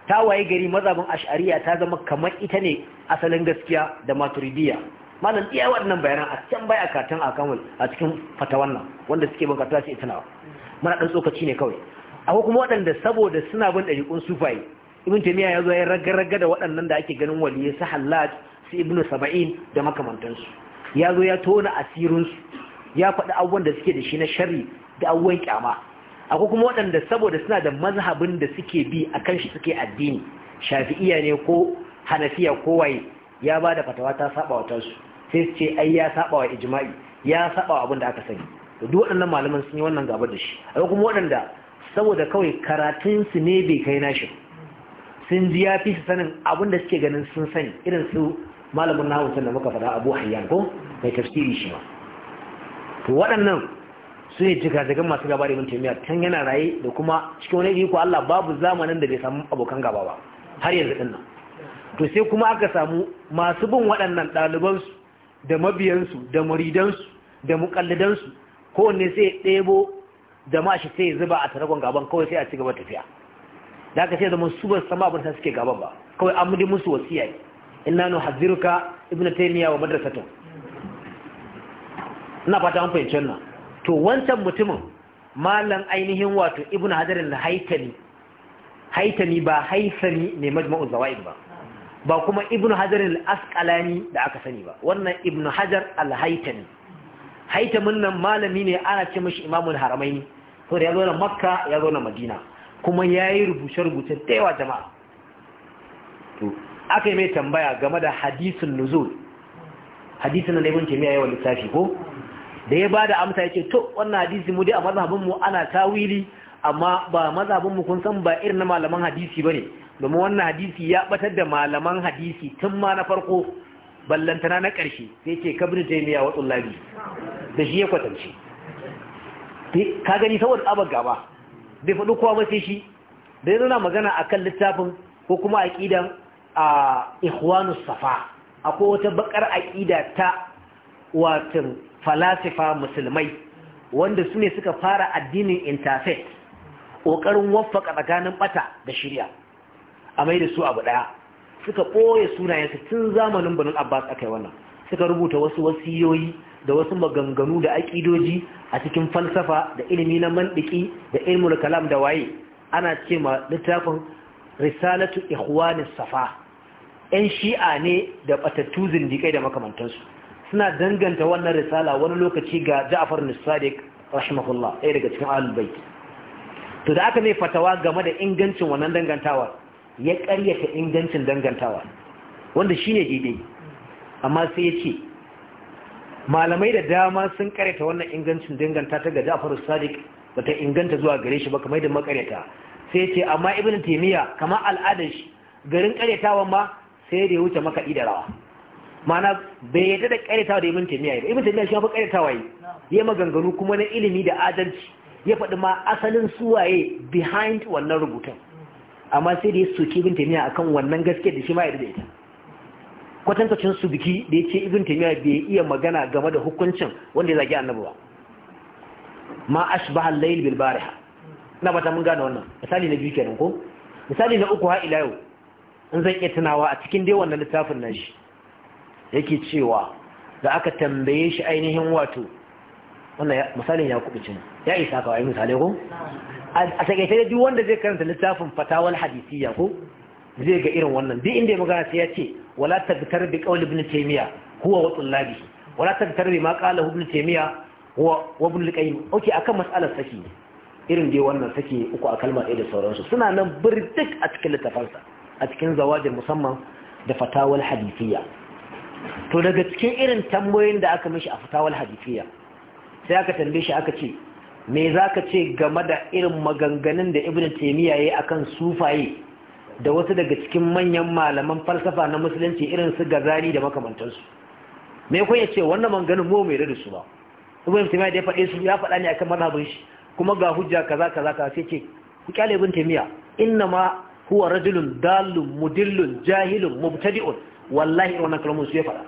ta waye gari mazabin ash'ariya ta zama kamar ita ne asalin gaskiya da maturidiya. malam iya wannan bayanan a can baya katan akamul a cikin fata wannan wanda suke bin katuwa ita tunawa muna dan tsokaci ne kawai akwai kuma waɗanda saboda suna bin ɗariƙun sufaye ibn tamiya ya zo ya raga da waɗannan da ake ganin waliyyi su hallaj su ibn saba'in da makamantansu ya zo ya tona asirinsu ya faɗi abubuwan da suke da shi na sharri da abubuwan kyama akwai kuma waɗanda saboda suna da mazhabin da suke bi a kan shi suke addini shafi'iya ne ko hanafiya ko waye ya ba da fatawa ta saba wa tasu sai su ce ai ya saba wa ijma'i ya saba wa abin da aka sani duk waɗannan malaman sun yi wannan gaba da shi akwai kuma waɗanda saboda kawai karatun su ne bai kai nashi sun ji ya fi su sanin abin da suke ganin sun sani irin su malamin sun da muka faɗa abu hayyan ko mai tafsiri shi ma to waɗannan su ne cika daga masu gaba da yana raye da kuma cikin wani iko Allah babu zamanin da bai samu abokan gaba ba har yanzu dinnan to sai kuma aka samu masu bin waɗannan ɗalibansu da mabiyansu da muridansu da muƙallidansu kowanne sai ɗebo jama'a shi sai zuba a taragon gaban kawai sai a ci gaba tafiya da aka sai zama su ba sama abin suke gaban ba kawai an mudi musu wasiya ne inna nu haziruka ibnu taymiya wa madrasatun ina fata an fahimci wannan to wancan mutumin malam ainihin wato ibn hajarin da haitami haitami ba haifami ne majma'un zawa'in ba ba kuma ibn hajarin asqalani da aka sani ba wannan ibn hajar al-haitami haitamin nan malami ne ana ce mashi imamun haramaini to da ya zo makka ya zo madina kuma yayi yi rubuce-rubuce da yawa jama'a aka yi mai tambaya game da hadisin nuzul hadisun na laifin kimiyya yawan lissafi ko da ya bada amsa ya ce to wannan hadisi mu dai a mazhabin mu ana tawili amma ba mazhabin mu kun san ba irin na malaman hadisi bane domin wannan hadisi ya batar da malaman hadisi tun ma na farko ballantana na ƙarshe sai ce kabin taimiya wa tsullabi da shi ya kwatance ka gani saboda abar gaba bai faɗi kowa ba sai shi da yana magana a kan littafin ko kuma a ƙidan a ikhwanus safa akwai wata bakar aƙida ta watan falasifa musulmai wanda su ne suka fara addinin interfaith ƙoƙarin waffaka tsakanin ɓata da shirya a mai da su abu ɗaya suka ɓoye sunayensu tun zamanin banin abbas aka yi wannan suka rubuta wasu wasiyoyi da wasu maganganu da aƙidoji a cikin falsafa da ilimi na mandiki da ilmul kalam da waye ana ce ma littafin risalatu ikhwanis safa yan shi'a ne da ɓatattu zindikai da makamantansu suna danganta wannan risala wani lokaci ga Ja'far bin Sadiq rahimahullah ɗaya daga cikin ahlul to da aka ne fatawa game da ingancin wannan dangantawa ya ƙaryata ingancin dangantawa wanda shine daidai amma sai ya ce malamai da dama sun karyata wannan ingancin danganta ta ga Ja'far bin Sadiq bata inganta zuwa gare shi ba kamar da makaryata sai ya ce amma ibn taymiya kamar al'adar shi garin karyatawan ma sai da ya wuce makaɗi da rawa ma'ana bai yadda da karyatawa da ibn taymiya ba ibn taymiya shi fa karyatawa yi ya maganganu kuma na ilimi da adalci ya faɗi ma asalin suwaye behind wannan rubutun amma sai da ya soki ibn taymiya akan wannan gaske da shi ma yadda da ita kwatankacin su biki da ya ce ibn taymiya bai iya magana game da hukuncin wanda ya zagi annabi ba ma ashbaha al-layl bil bariha ina bata mun gane wannan misali na biyu kenan ko misali na uku ha ila yau in zan iya tunawa a cikin dai wannan littafin shi. yake cewa da aka tambaye shi ainihin wato wannan misalin ya kuɓi cin ya isa ka wani misalai ko a takaice duk wanda zai karanta littafin fatawal hadisiyya ko zai ga irin wannan duk inda ya magana sai ya ce wala tabtar bi qawl ibn taymiya huwa wa wala tabtar bi ma kala ibn taymiya huwa wa ibn al ok a akan matsalar saki irin dai wannan saki uku a kalma ɗaya da sauransu suna nan birtik a cikin littafansa a cikin zawajin musamman da fatawal hadisiyya to daga cikin irin tambayoyin da aka mishi a fitawal hadisiya sai aka tambaye shi aka ce me za ka ce game da irin maganganun da ibn taimiyya ya akan sufaye da wasu daga cikin manyan malaman falsafa na musulunci irin su gazali da makamantansu me kun ya ce wannan maganganun mu mai da su ba ibn taimiyya da ya faɗe su ya faɗa ne akan mazhabin shi kuma ga hujja kaza kaza ka sai ce ku kyale ibn taimiyya inna ma huwa rajulun dalun mudillun jahilun mubtadi'un wallahi wannan kalmomin su ya faɗa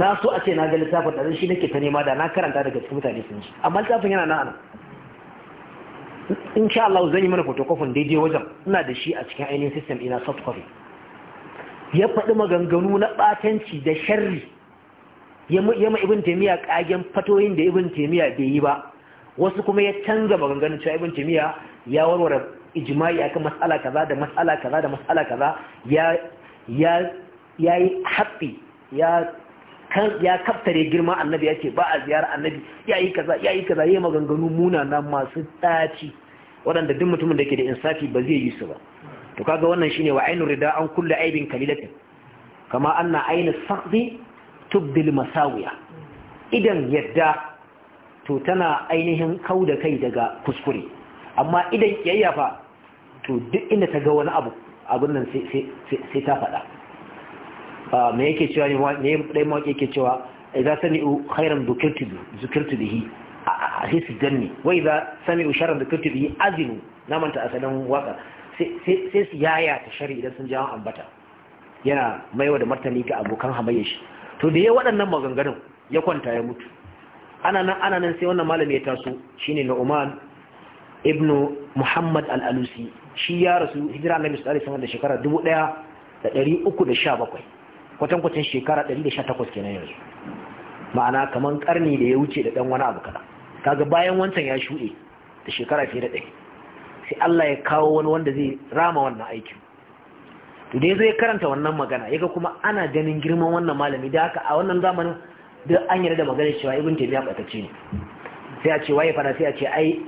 na so a ce na ga littafin da shi nake ta nema da na karanta daga cikin mutane sun ji amma littafin yana nan ana insha Allah zan yi mana photocopy daidai wajen ina da shi a cikin ainihin system ina soft copy ya faɗi maganganu na ɓatanci da sharri ma ibn taymiya kagen fatoyin da ibn taymiya bai yi ba wasu kuma ya canza maganganun cewa ibn taymiya ya warware ijma'i kan mas'ala kaza da mas'ala kaza da mas'ala kaza ya ya haɓɓi ya kan kaftare girma annabi ya ba a ziyara annabi ya yi kaza yi kaza yayi maganganu munana masu ɗaci waɗanda duk mutumin da ke da insafi ba zai yi su ba to kaga wannan shine wa ainu rida an kulle aibin kalilatin kama ana ainu saqdi tubdil masawiya idan yadda to tana ainihin kau da kai daga kuskure amma idan kiyayya fa to duk inda ta ga wani abu abin nan sai ta faɗa me yake cewa ne ɗaya mawaƙi yake cewa idan u khairan zukirtu bihi a sai su danne wai idan sami'u sharan zukirtu bihi azinu na manta asalin waka sai su yaya ta shari idan sun jawon ambata yana maiwa da martani ga abokan hamayya shi to da ya waɗannan maganganun ya kwanta ya mutu ana nan ana nan sai wannan malami ya taso shine na'uman. ibn muhammad al-alusi shi ya rasu hijira annabi sallallahu alaihi wasallam da shekara 1317 kwatankwacin shekara 118 kenan yanzu ma'ana kaman karni da ya wuce da dan wani abu kada kaga bayan wancan ya shuɗe da shekara fiye da ɗaya sai Allah ya kawo wani wanda zai rama wannan aikin to dai zai karanta wannan magana yaga kuma ana ganin girman wannan malami da haka a wannan zamanin duk an yarda da maganar cewa ibn taymiya batacce ne sai a ce waye fara sai a ce ai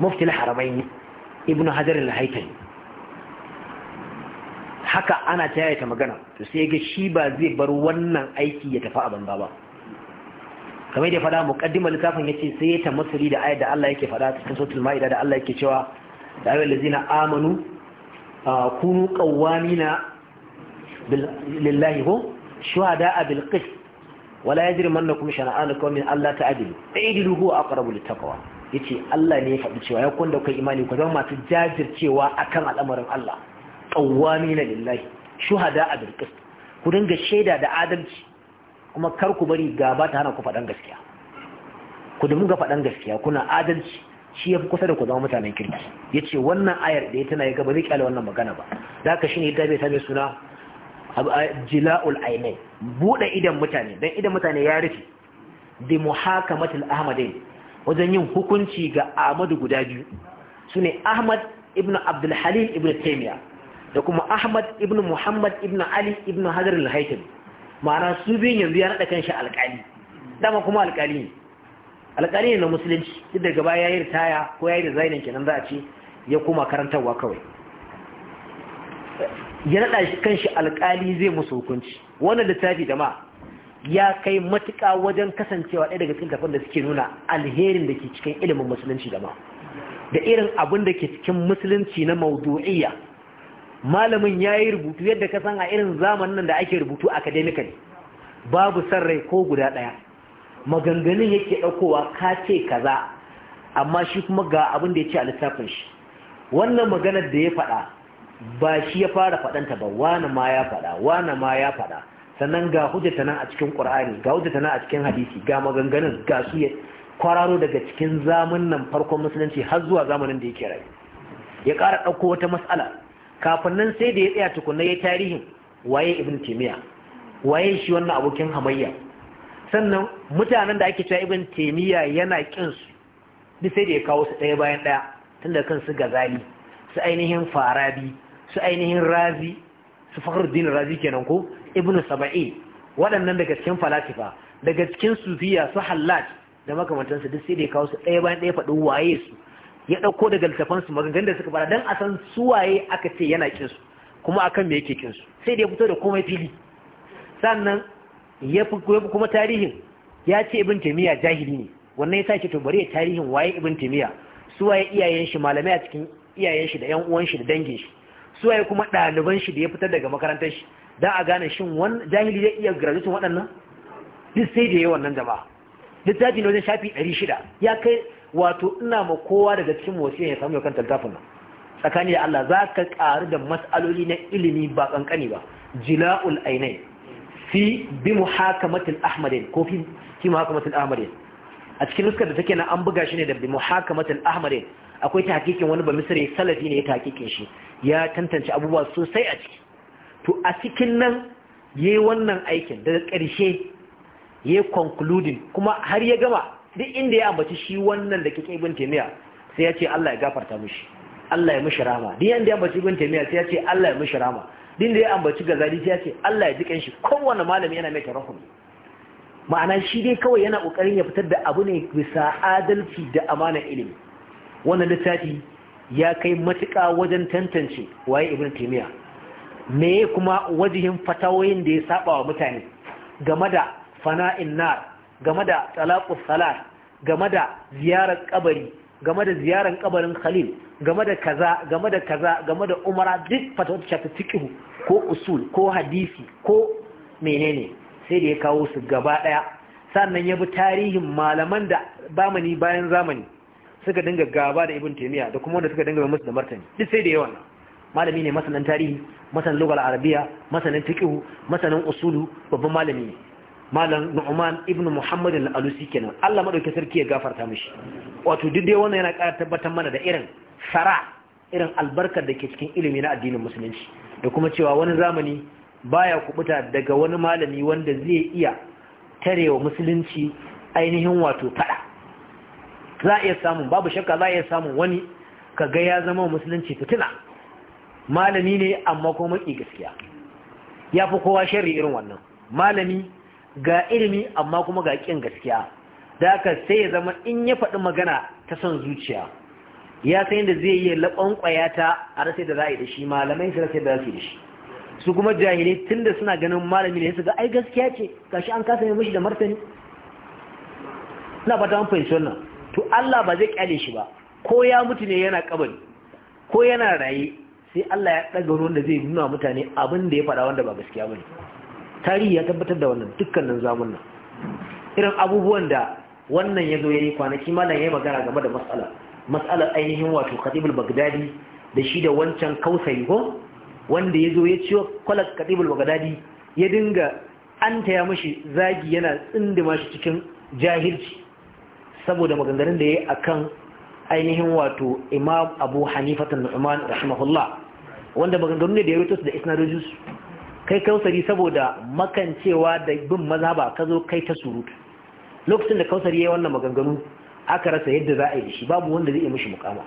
mufti haramai ne Ibn hajar al-haytami haka ana ta ta magana to sai ga shi ba zai bar wannan aiki ya tafi a banza ba kamar da fada muqaddima litafin yace sai ya tamasuri da ayat da Allah yake fada cikin suratul maida da Allah yake cewa da ayyul ladzina amanu kunu qawwamina lillahi shuhada bil qist wala yajrimannakum shana'an qawmin alla ta'dilu ta'dilu huwa aqrabu lit taqwa yace Allah ne ya faɗi cewa ya kunda kai imani ku zama masu jajircewa akan al'amarin Allah na lillahi shuhada a bil ku dinga shaida da adalci kuma kar ku bari gaba ta hana ku faɗan gaskiya ku dinga ga faɗan gaskiya kuna adalci shi ya fi kusa da ku zama mutanen kirki yace wannan ayar da ya tana ga gaba zai kyale wannan magana ba za ka da bai same suna jila'ul ainai buɗe idan mutane dan idan mutane ya rufe bi muhakamatul ahmadin wajen yin hukunci ga Ahmadu guda biyu su ne Ahmad ibn Abdulhalim ibn Taimiyya da kuma Ahmad ibn Muhammad ibn Ali ibn Hadar al-Haitam ma'ana su biyun yanzu ya naɗa kanshi alƙali dama kuma alƙali ne alƙali ne na musulunci duk daga baya ya yi ritaya ko ya yi kenan za a ce ya koma karantarwa kawai ya naɗa kanshi alƙali zai musu hukunci wannan littafi da ma ya kai matuƙa wajen kasancewa ɗaya daga cikin tafin da suke nuna alherin da ke cikin ilimin musulunci da ma da irin abin da ke cikin musulunci na maudu'iyya malamin ya yi rubutu yadda ka san a irin zamanin nan da ake rubutu academically babu san rai ko guda ɗaya maganganun yake ɗaukowa ka ce kaza amma shi kuma ga abin da ya ce a littafin shi wannan maganar da ya faɗa ba shi ya fara faɗanta ba wane ma ya faɗa wane ma ya faɗa sannan ga hujjata nan a cikin ƙur'ani ga hujjata nan a cikin hadisi ga maganganun ga su kwararo daga cikin zamanin farkon musulunci har zuwa zamanin da yake rayu ya ƙara ɗauko wata matsala kafin nan sai da ya tsaya tukunna ya tarihin waye ibn taimiyya waye shi wannan abokin hamayya sannan mutanen da ake cewa ibn taimiyya yana kin su duk sai da ya kawo su ɗaya bayan ɗaya tunda kan su gazali su ainihin farabi su ainihin razi su fakhruddin razi kenan ko ibnu saba'in waɗannan daga cikin falasifa daga cikin sufiya su hallat da su duk sai da ya kawo su ɗaya bayan ɗaya faɗin waye su ya ɗauko daga su maganganun da suka fara dan a san su waye aka ce yana su kuma akan me yake kinsu sai da ya fito da komai fili sannan ya fi kuma tarihin ya ce ibn taimiyya jahili ne wannan ya sake to bari ya tarihin waye ibn taimiyya su waye iyayen shi malamai a cikin iyayen shi da yan uwan shi da dangin shi su waye kuma ɗaliban shi da ya fitar daga makarantar shi da a gane shin wani jahili zai iya graduatin waɗannan duk sai da yi wannan jama'a littafi ne wajen shafi ɗari shida ya kai wato ina ma kowa daga cikin wasiyar ya samu kan littafin nan tsakani da Allah za ka ƙaru da matsaloli na ilimi ba ƙanƙani ba jila'ul ainai fi bi muhakamatin ahmadin ko ahmadin a cikin nuskar da take na an buga shi ne da bi muhakamatin ahmadin akwai ta hakikin wani ba misri salafi ne ya ta tahqiqin shi ya tantance abubuwa sosai a ciki to a cikin nan ya yi wannan aikin daga ƙarshe ya concluding kuma har ya gama duk inda ya ambaci shi wannan da kike ibn taymiya sai ya ce Allah ya gafarta mishi Allah ya mishi rahama duk inda ya ambaci ibn taymiya sai ya ce Allah ya mishi rahama duk inda ya ambaci gazali sai ya ce Allah ya jikan shi kowanne malami yana mai tarahum ma'ana shi dai kawai yana kokarin ya fitar da abu ne bisa adalci da amana ilimi wannan littafi ya kai matuƙa wajen tantance waye ibn taymiya me kuma wajihin fatawoyin da ya saba wa mutane game da fana'in nar game da talaqus salat game da ziyarar kabari game da ziyarar kabarin khalil game da kaza game da kaza game da umara duk fatawar shafi fiqh ko usul ko hadisi ko menene sai da ya kawo su gaba ɗaya. sannan ya bi tarihin malaman da bamani bayan zamani suka dinga gaba da ibn taymiya da kuma wanda suka dinga musu da martani duk sai da yawan nan malami ne masanin tarihi masanin lugar arabiya masanin fiqhu masanin usulu babban malami ne malam nu'man ibnu muhammad al-alusi kenan Allah madauke sarki ya gafarta mishi wato duk dai wannan yana ƙara tabbatar mana da irin sara irin albarkar da ke cikin ilimi na addinin musulunci da kuma cewa wani zamani baya kubuta daga wani malami wanda zai iya tarewa musulunci ainihin wato fada za a iya samun babu shakka za a iya samun wani ka ga ya zama musulunci fitina malami ne amma kuma maki gaskiya ya fi kowa sharri irin wannan malami ga ilimi amma kuma ga ƙin gaskiya da haka sai ya zama in ya faɗi magana ta son zuciya ya san yadda zai yi laɓon ƙwayata a rasa da za a yi da shi malamai su rasa da za su yi da shi su kuma jahilai tun da suna ganin malami ne su ga ai gaskiya ce shi an kasa mai mashi da martani na fata an fahimci wannan to Allah ba zai kyale shi ba ko ya mutu ne yana kabari ko yana raye sai Allah ya ɗaga ruwan da zai nuna mutane abin da ya faɗa wanda ba gaskiya ba ne. tarihi ya tabbatar da wannan dukkanin zamun irin abubuwan da wannan ya zo ya yi kwanaki malam ya yi magana game da matsala matsalar ainihin wato khatibul bagdadi da shi da wancan kausayi ko wanda ya zo ya ciwo kwalar khatibul bagdadi ya dinga an taya mashi zagi yana tsindima shi cikin jahilci saboda maganganun da ya yi akan ainihin wato imam abu hanifatan nu'man rahimahullah wanda maganganu ne da ya rito su da isna su kai kausari saboda makancewa da bin mazhaba ka zo kai ta surutu lokacin da kausari ya yi wannan maganganu aka rasa yadda za a yi shi babu wanda zai yi mishi mukama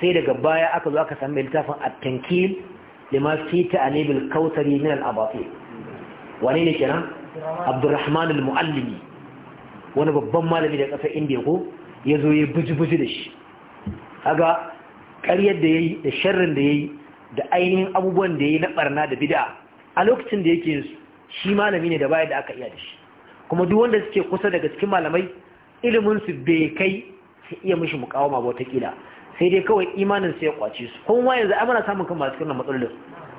sai daga baya aka zo aka sami littafin at-tankil ma fi ta al-kausari min al-abatil Wani ne kenan Abdurrahman al-Muallimi wani babban malami da kasar Indiya ko ya zo ya buji buji da shi kaga ƙaryar da ya yi da sharrin da ya yi. da ainihin abubuwan da ya yi na barna da bida a lokacin da yake su shi malami ne da baya da aka iya da shi kuma duk wanda suke kusa daga cikin malamai iliminsu bai kai su iya mishi mukawama ba watakila sai dai kawai imanin su ya kwace su kuma yanzu ai muna samun kan masu kirna matsalolin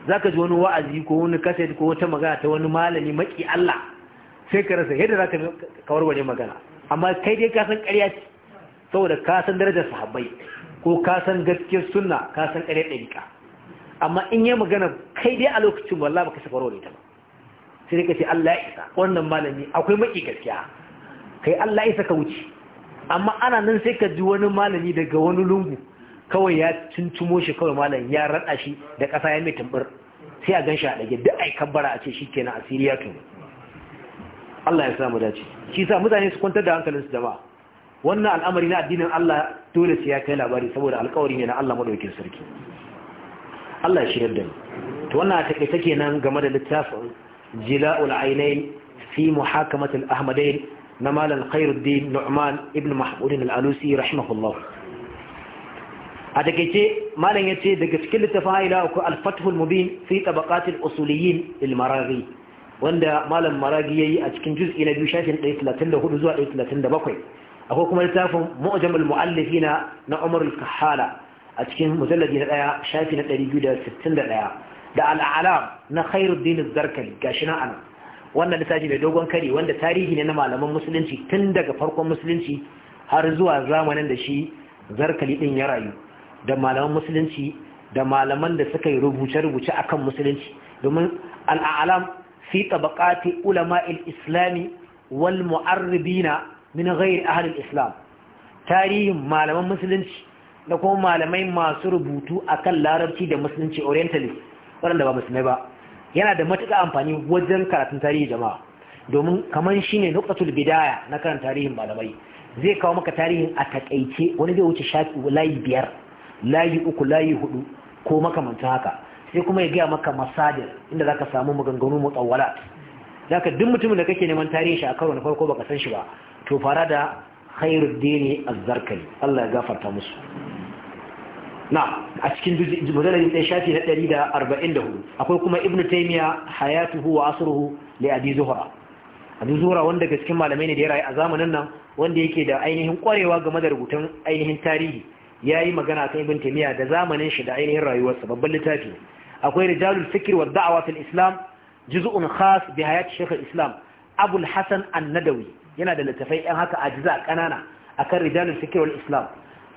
Za ka ji wani wa'azi ko wani kaset ko wata magana ta wani malami maki Allah sai ka rasa yadda zaka kawar wani magana amma kai dai ka san ƙarya ce saboda ka san darajar sahabbai ko ka san gaskiyar sunna ka san ƙarya ɗabi'a amma in yi magana kai dai a lokacin wallah baka safaro ne ta ba sai ka ce Allah ya isa wannan malami akwai maki gaskiya kai Allah ya isa ka wuce amma ana nan sai ka ji wani malami daga wani lungu kawai ya tuntumo shi kawai malam ya rada shi da ƙasa ya mai tumbur sai a ganshi a dage duk ai kabbara a ce shikenan asiriya to Allah ya samu dace shi sa mutane su kwantar da hankalin su jama'a wannan al'amari na addinin Allah dole sai ya kai labari saboda alƙawari ne na Allah madaukakin sarki Allah shi yadda da mu to wannan a take kenan game da littafin jila'ul ainain fi muhakamat al-ahmadain na malam khairuddin nu'man ibn mahmud al-alusi rahimahullah a ce malam ce daga cikin littafin haila akwai al-fathul mubin fi tabaqat al-usuliyin al wanda malam maraghi yayi a cikin juz'i na biyu shafin 134 zuwa 137 akwai kuma littafin mu'jamul mu'allifina na umar al-kahala a cikin mujalladi na ɗaya shafi na 261 da al'alam na khairuddin zarkali gashi na ana wannan lissafi mai dogon kare wanda tarihi ne na malaman musulunci tun daga farkon musulunci har zuwa zamanin da shi zarkali ɗin ya rayu da malaman musulunci da malaman da suka yi rubuce-rubuce kan musulunci domin al'alam fi tabaqati ulama islami wal mu'arribina min ghairi ahli islam tarihin malaman musulunci da kuma malamai masu rubutu akan larabci da musulunci orientalist waɗanda ba musulmai ba yana da matuƙa amfani wajen karatun tarihi jama'a domin kamar shi ne nukatul bidaya na karan tarihin malamai zai kawo maka tarihin a takaice wani zai wuce shafi layi biyar layi uku layi hudu ko makamantan haka sai kuma ya gaya maka masadir inda zaka samu maganganu mutawwala zaka duk mutumin da kake neman tarihi shi a karo na farko baka san shi ba to fara da khairuddin az Allah ya gafarta musu na a cikin mujalladin ɗaya shafi na ɗari da arba'in da hudu akwai kuma ibnu taimiya hayatuhu wa asruhu li abi zuhra abi zuhra wanda ga cikin malamai ne da ya rayu a zamanin nan wanda yake da ainihin kwarewa game da rubutun ainihin tarihi ya yi magana kan ibn taimiya da zamanin shi da ainihin rayuwarsa babban littafi akwai rijalul fikr wa da'awa fil islam juz'un khas bi hayat shaykh al islam abul hasan an-nadawi yana da littafai ɗan haka ajiza kanana akan rijalul fikr wal islam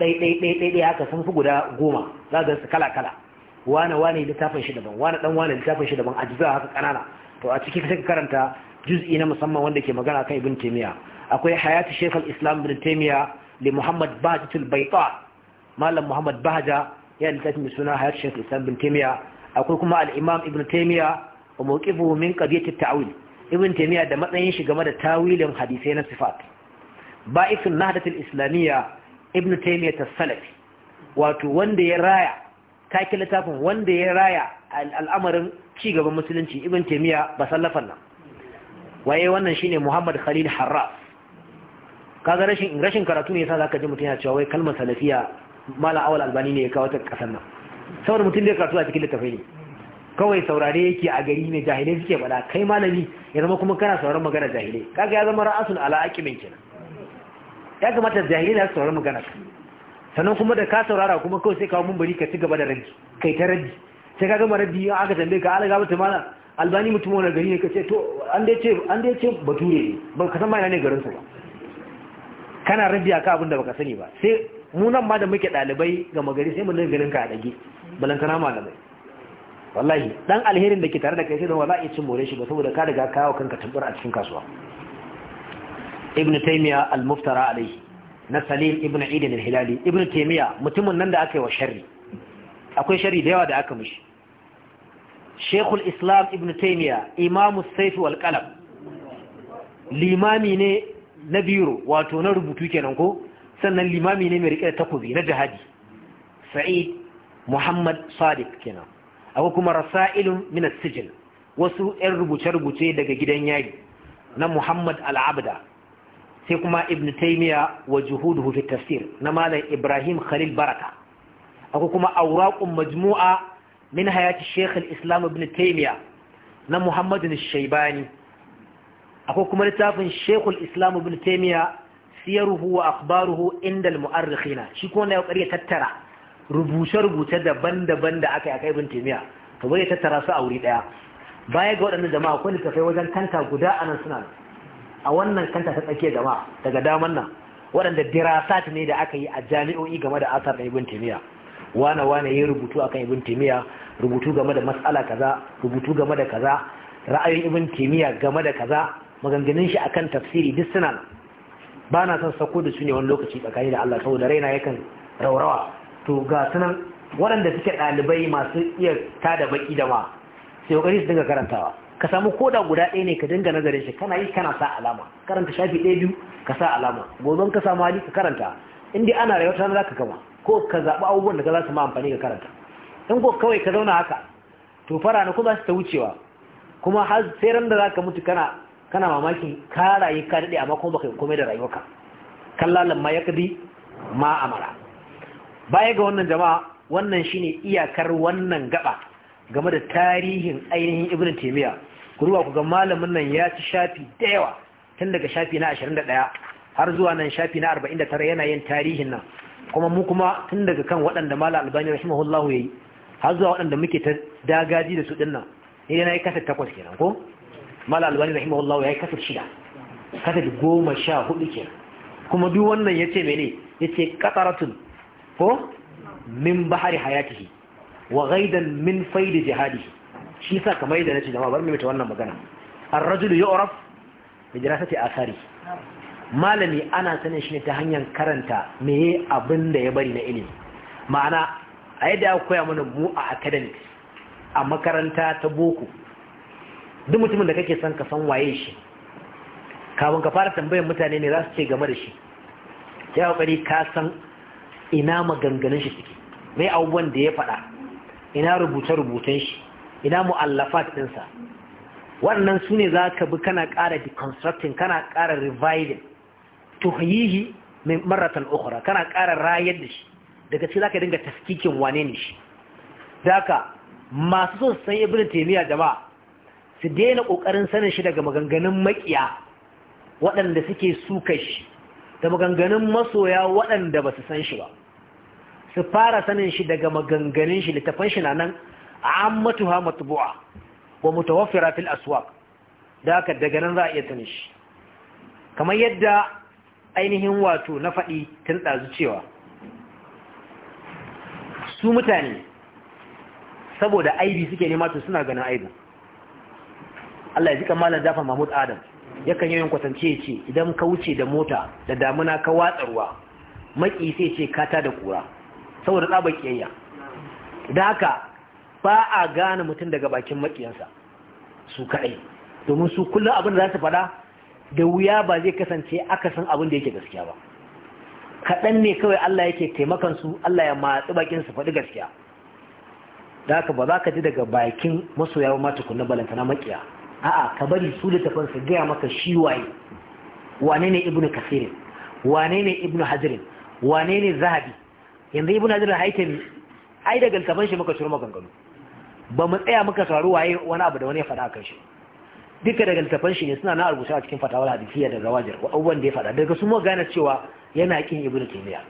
Ɗaiɗaiɗaiɗaiɗai haka sun fi guda goma za a gansu kala kala wane wane littafin shi daban wane ɗan wane littafin shi daban a jiza haka ƙanana to a ciki sai ka karanta juz'i na musamman wanda ke magana kan ibn Taimiyya? akwai hayatu shaykh al-islam ibn Taimiyya li muhammad bahajatul bayta malam muhammad bahaja ya littafi mai suna hayatu shaykh al-islam ibn Taimiyya, akwai kuma al-imam ibn Taimiyya wa mawqifuhu min qadiyat tawil ibn Taimiyya da matsayin shi game da tawilin hadisai na sifat ba'ithun nahdatul islamiyya ibn taymiyyah as-salafi wato wanda ya raya take littafin wanda ya raya al'amarin ci gaban musulunci ibn taymiyyah ba sallafan nan waye wannan shine muhammad khalil harraf kaga rashin rashin karatu ne yasa zaka ji mutum ya cewa wai kalmar salafiya mala awal albani ne ya kawo ta kasar nan saboda mutum da karatu a cikin littafai ne kawai saurare yake a gari ne jahilai suke bada kai malami ya zama kuma kana sauraron magana jahilai kaga ya zama ra'asul ala aqibin kenan ya kamata jahilai na saurari magana sannan kuma da ka saurara kuma kawai sai kawo mumbari ka ci gaba da rabi kai ta rabi sai ka gama rabi an aka tambaye ka ala gaba mana albani mutum wani gari ne ka ce to an dai ce an dai ce bature ne ba ka san ma ne garin su ba kana rabi kan abin da baka sani ba sai mu nan ma da muke dalibai ga magari sai mu nan ganin ka a dage balantana malamai wallahi dan alherin da ke tare da kai sai don wallahi cin more shi ba saboda ka daga kawo kanka tabbar a cikin kasuwa ibn taimiya al-muftara alayhi na salim ibn eid al-hilali ibn taymiya mutumin nan da aka yi wa sharri akwai sharri da yawa da aka mishi shekul islam ibn taimiya imamu saifi wal qalam limami ne na biro wato na rubutu kenan ko sannan limami ne mai rike da takobi na jihadi sa'id muhammad sadiq kenan akwai kuma rasailun min as-sijil wasu 'yan rubuce-rubuce daga gidan yari na muhammad al-abda sai kuma ibn Taimiya wa juhuduhu fi tafsir na malam ibrahim khalil baraka akwai kuma awraqun majmu'a min hayati shaykh al-islam ibn Taimiya na muhammad al-shaybani akwai kuma littafin shaykh al-islam ibn Taimiya siyaruhu wa akhbaruhu inda al-mu'arrikhina shi ko na ya tattara rubuce-rubuce daban-daban da aka yi aka ibn taymiya to bai tattara su a wuri daya baya ga waɗannan jama'a akwai littafai wajen tanta guda anan suna a wannan kanta ta tsakiyar jama'a daga daman nan waɗanda dirasat ne da aka yi a jami'o'i game da asar na ibn timiya wane wane yin rubutu akan ibn timiya rubutu game da matsala kaza rubutu game da kaza ra'ayin ibn timiya game da kaza maganganun shi akan tafsiri duk suna ba na son sako da su ne wani lokaci tsakani da Allah saboda raina yakan raurawa to ga sunan waɗanda suke ɗalibai masu iya tada baki da ma sai kokari su dinga karantawa ka samu koda guda ɗaya ne ka dinga nazarin shi kana yi kana sa alama karanta shafi ɗaya biyu ka sa alama gobe ka samu hali ka karanta in dai ana rayuwa tana ka gama ko ka zaɓi abubuwan da ka za su ma amfani ka karanta in ko kawai ka zauna haka to fara na ko za su ta wucewa kuma har sai ran da za ka mutu kana kana mamakin ka rayu ka daɗe amma kuma baka komai da rayuwarka kallalan ma ya kadi ma amara baya ga wannan jama'a wannan shine iyakar wannan gaba game da tarihin ainihin ibn taymiya Kuruwa ku ga malamin nan ya ci shafi da yawa tun daga shafi na 21 har zuwa nan shafi na 49 yana yin tarihin nan kuma mu kuma tun daga kan waɗanda mala albani rahimahullahu yayi har zuwa waɗanda muke ta dagaji da su din nan ni yana kasa kasar takwas kenan ko mala albani rahimahullahu yayi kasar shida kasar goma sha hudu kenan kuma duk wannan yace mene yace qataratun ko min bahari hayatihi wa ghaidan min faidi jihadihi shi sa kamar yadda nace jama'a bar mu mita wannan magana ar-rajulu yu'raf bi dirasati athari malami ana sanin shi ne ta hanyar karanta meye abin da ya bari na ilimi ma'ana a yadda ya koya mana mu a academic a makaranta ta boko duk mutumin da kake son ka san waye shi kafin ka fara tambayar mutane ne za su ce game da shi ya kokari ka san ina maganganun shi suke mai abubuwan da ya faɗa ina rubuce-rubucen shi ina mu'allafat ɗinsa wannan su ne za ka bi kana ƙara deconstructing kana ƙara reviving tuhihi min maratan ukhra kana ƙara rayar da shi daga cikin zaka dinga taskikin wane ne shi daka masu son san ibnu taymiya jama'a su daina kokarin sanin shi daga maganganun makiya waɗanda suke suka shi da maganganun masoya waɗanda ba su san shi ba su fara sanin shi daga maganganun shi littafan shi na nan ammatuha matbu'a wa mutawaffira fil aswaq da haka daga nan za a iya sanin shi kamar yadda ainihin wato na faɗi tun ɗazu cewa su mutane saboda aibi suke nema to suna ganin aibi Allah ya ji kamalan dafa Mahmud Adam yakan yi kwatance ya ce idan ka wuce da mota da damuna ka watsa ruwa maki sai ce kata da kura saboda tsabar kiyayya da haka ba a gane mutum daga bakin makiyansa su kaɗai domin su kullum abin da za su faɗa da wuya ba zai kasance akasin abin da yake gaskiya ba kaɗan ne kawai Allah yake taimakon su Allah ya matsi bakin su faɗi gaskiya da haka ba za ka ji daga bakin masoya ba mata kunna balantana makiya a'a ka bari su da tafansa su gaya maka shi waye wane ne ibnu kasirin wane ne ibnu hajirin wane ne zahabi yanzu ibnu hajirin haitami ai daga littafan shi muka shirma gangano ba mu tsaya muka sauraro waye wani abu da wani ya faɗa kan shi duka daga littafan shi ne suna na rubuta a cikin fatawar hadisiya da wa abubuwan da ya faɗa daga su mu gane cewa yana kin ibnu taymiya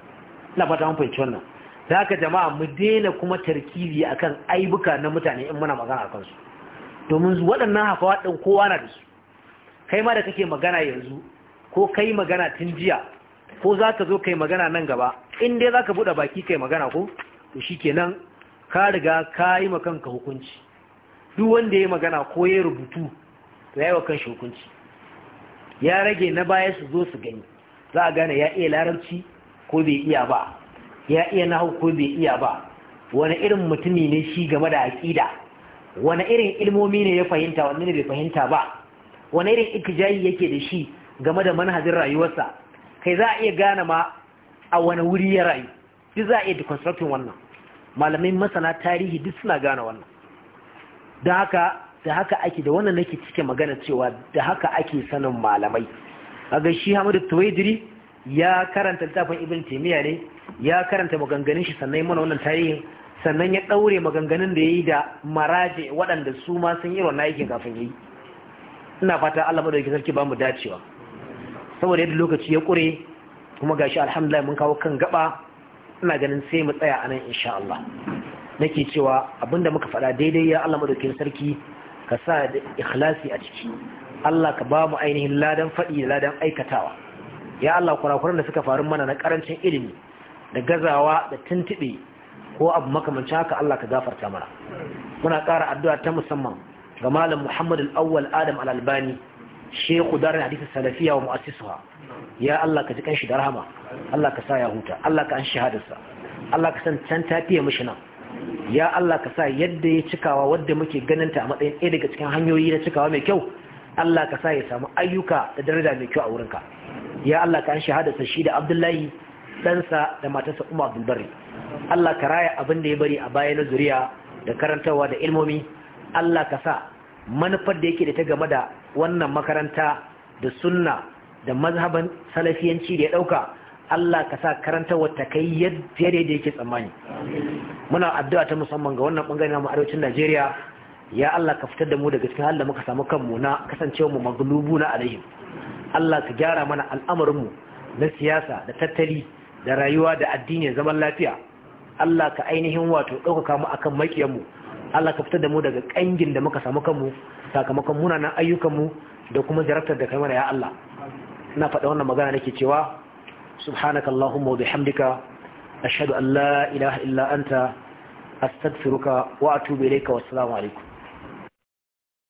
ina fata mun fahimci wannan da haka jama'a mu daina kuma tarkibi akan aibuka na mutane in muna magana akan su domin waɗannan hafawa ɗin kowa na da su kai ma da kake magana yanzu ko kai magana tun jiya ko za ka zo kai magana nan gaba in dai za ka buɗe baki kai magana ko to shi kenan ka riga ka yi kanka hukunci duk wanda ya magana ko ya rubutu ya yi wa kanshi hukunci ya rage na baya su zo su gani za a gane ya iya larabci ko bai iya ba ya iya nahu ko bai iya ba wani irin mutumi ne shi game da aƙida wani irin ilmomi ne ya fahimta wani ne bai fahimta ba wani irin ikijayi yake da shi game da manhajin rayuwarsa kai za a iya gane ma a wani wuri ya rayu duk za a iya deconstructing wannan malamai masana tarihi duk suna gane wannan da haka da haka ake da wannan nake cike magana cewa da haka ake sanin malamai a shi Hamadu Tuwaidiri ya karanta littafin Ibn Taymiyyah ne ya karanta maganganun shi sannan mana wannan tarihin sannan ya daure maganganun da ya yi da maraje waɗanda su ma sun yi wannan aikin kafin yi ina fata Allah madauki sarki ba mu dacewa saboda yadda lokaci ya kure kuma gashi alhamdulillah mun kawo kan gaba ina ganin sai mu tsaya anan insha Allah nake cewa abinda muka faɗa daidai ya Allah madaukakin sarki ka sa da ikhlasi a ciki Allah ka ba mu ainihin ladan faɗi da ladan aikatawa ya Allah kurakuran da suka faru mana na karancin ilimi da gazawa da tuntuɓe ko abu makamancin haka Allah ka gafarta mana muna ƙara addu'a ta musamman ga malam Muhammad al-Awwal Adam al-Albani shehu darin hadisi salafiya wa mu'assisuha ya Allah ka ji kanshi da rahama Allah ka sa ya huta Allah ka an shahadarsa Allah ka san can tafiya mishi nan ya Allah ka sa yadda ya cikawa wadda muke ganinta a matsayin ɗaya daga cikin hanyoyi na cikawa mai kyau Allah ka sa ya samu ayyuka da daraja mai kyau a wurinka ya Allah ka an shahadarsa shi da Abdullahi ɗansa da matarsa Umar Abdul Barri Allah ka raya abin da ya bari a baya na zuriya da karantawa da ilmomi Allah ka sa manufar da yake da ta game da wannan makaranta da sunna da mazhaban salafiyanci da ya ɗauka Allah ka sa karanta wata kai yadda da yake tsammani muna addu'a ta musamman ga wannan bangare na arewacin Najeriya ya Allah ka fitar da mu daga cikin halin da muka samu kanmu na kasancewa mu maglubu na alayhi Allah ka gyara mana al'amarin na siyasa da tattali da rayuwa da addini zaman lafiya Allah ka ainihin wato ɗaukaka mu akan makiyan mu Allah ka fitar da mu daga kangin da muka samu kanmu sakamakon munanan ayyukan mu da kuma jarabtar da kai mana ya Allah na faɗa wannan magana nake cewa subhanaka allahumma wa bihamdika ashhadu an la ilaha illa anta astaghfiruka wa atubu ilayka wassalamu alaikum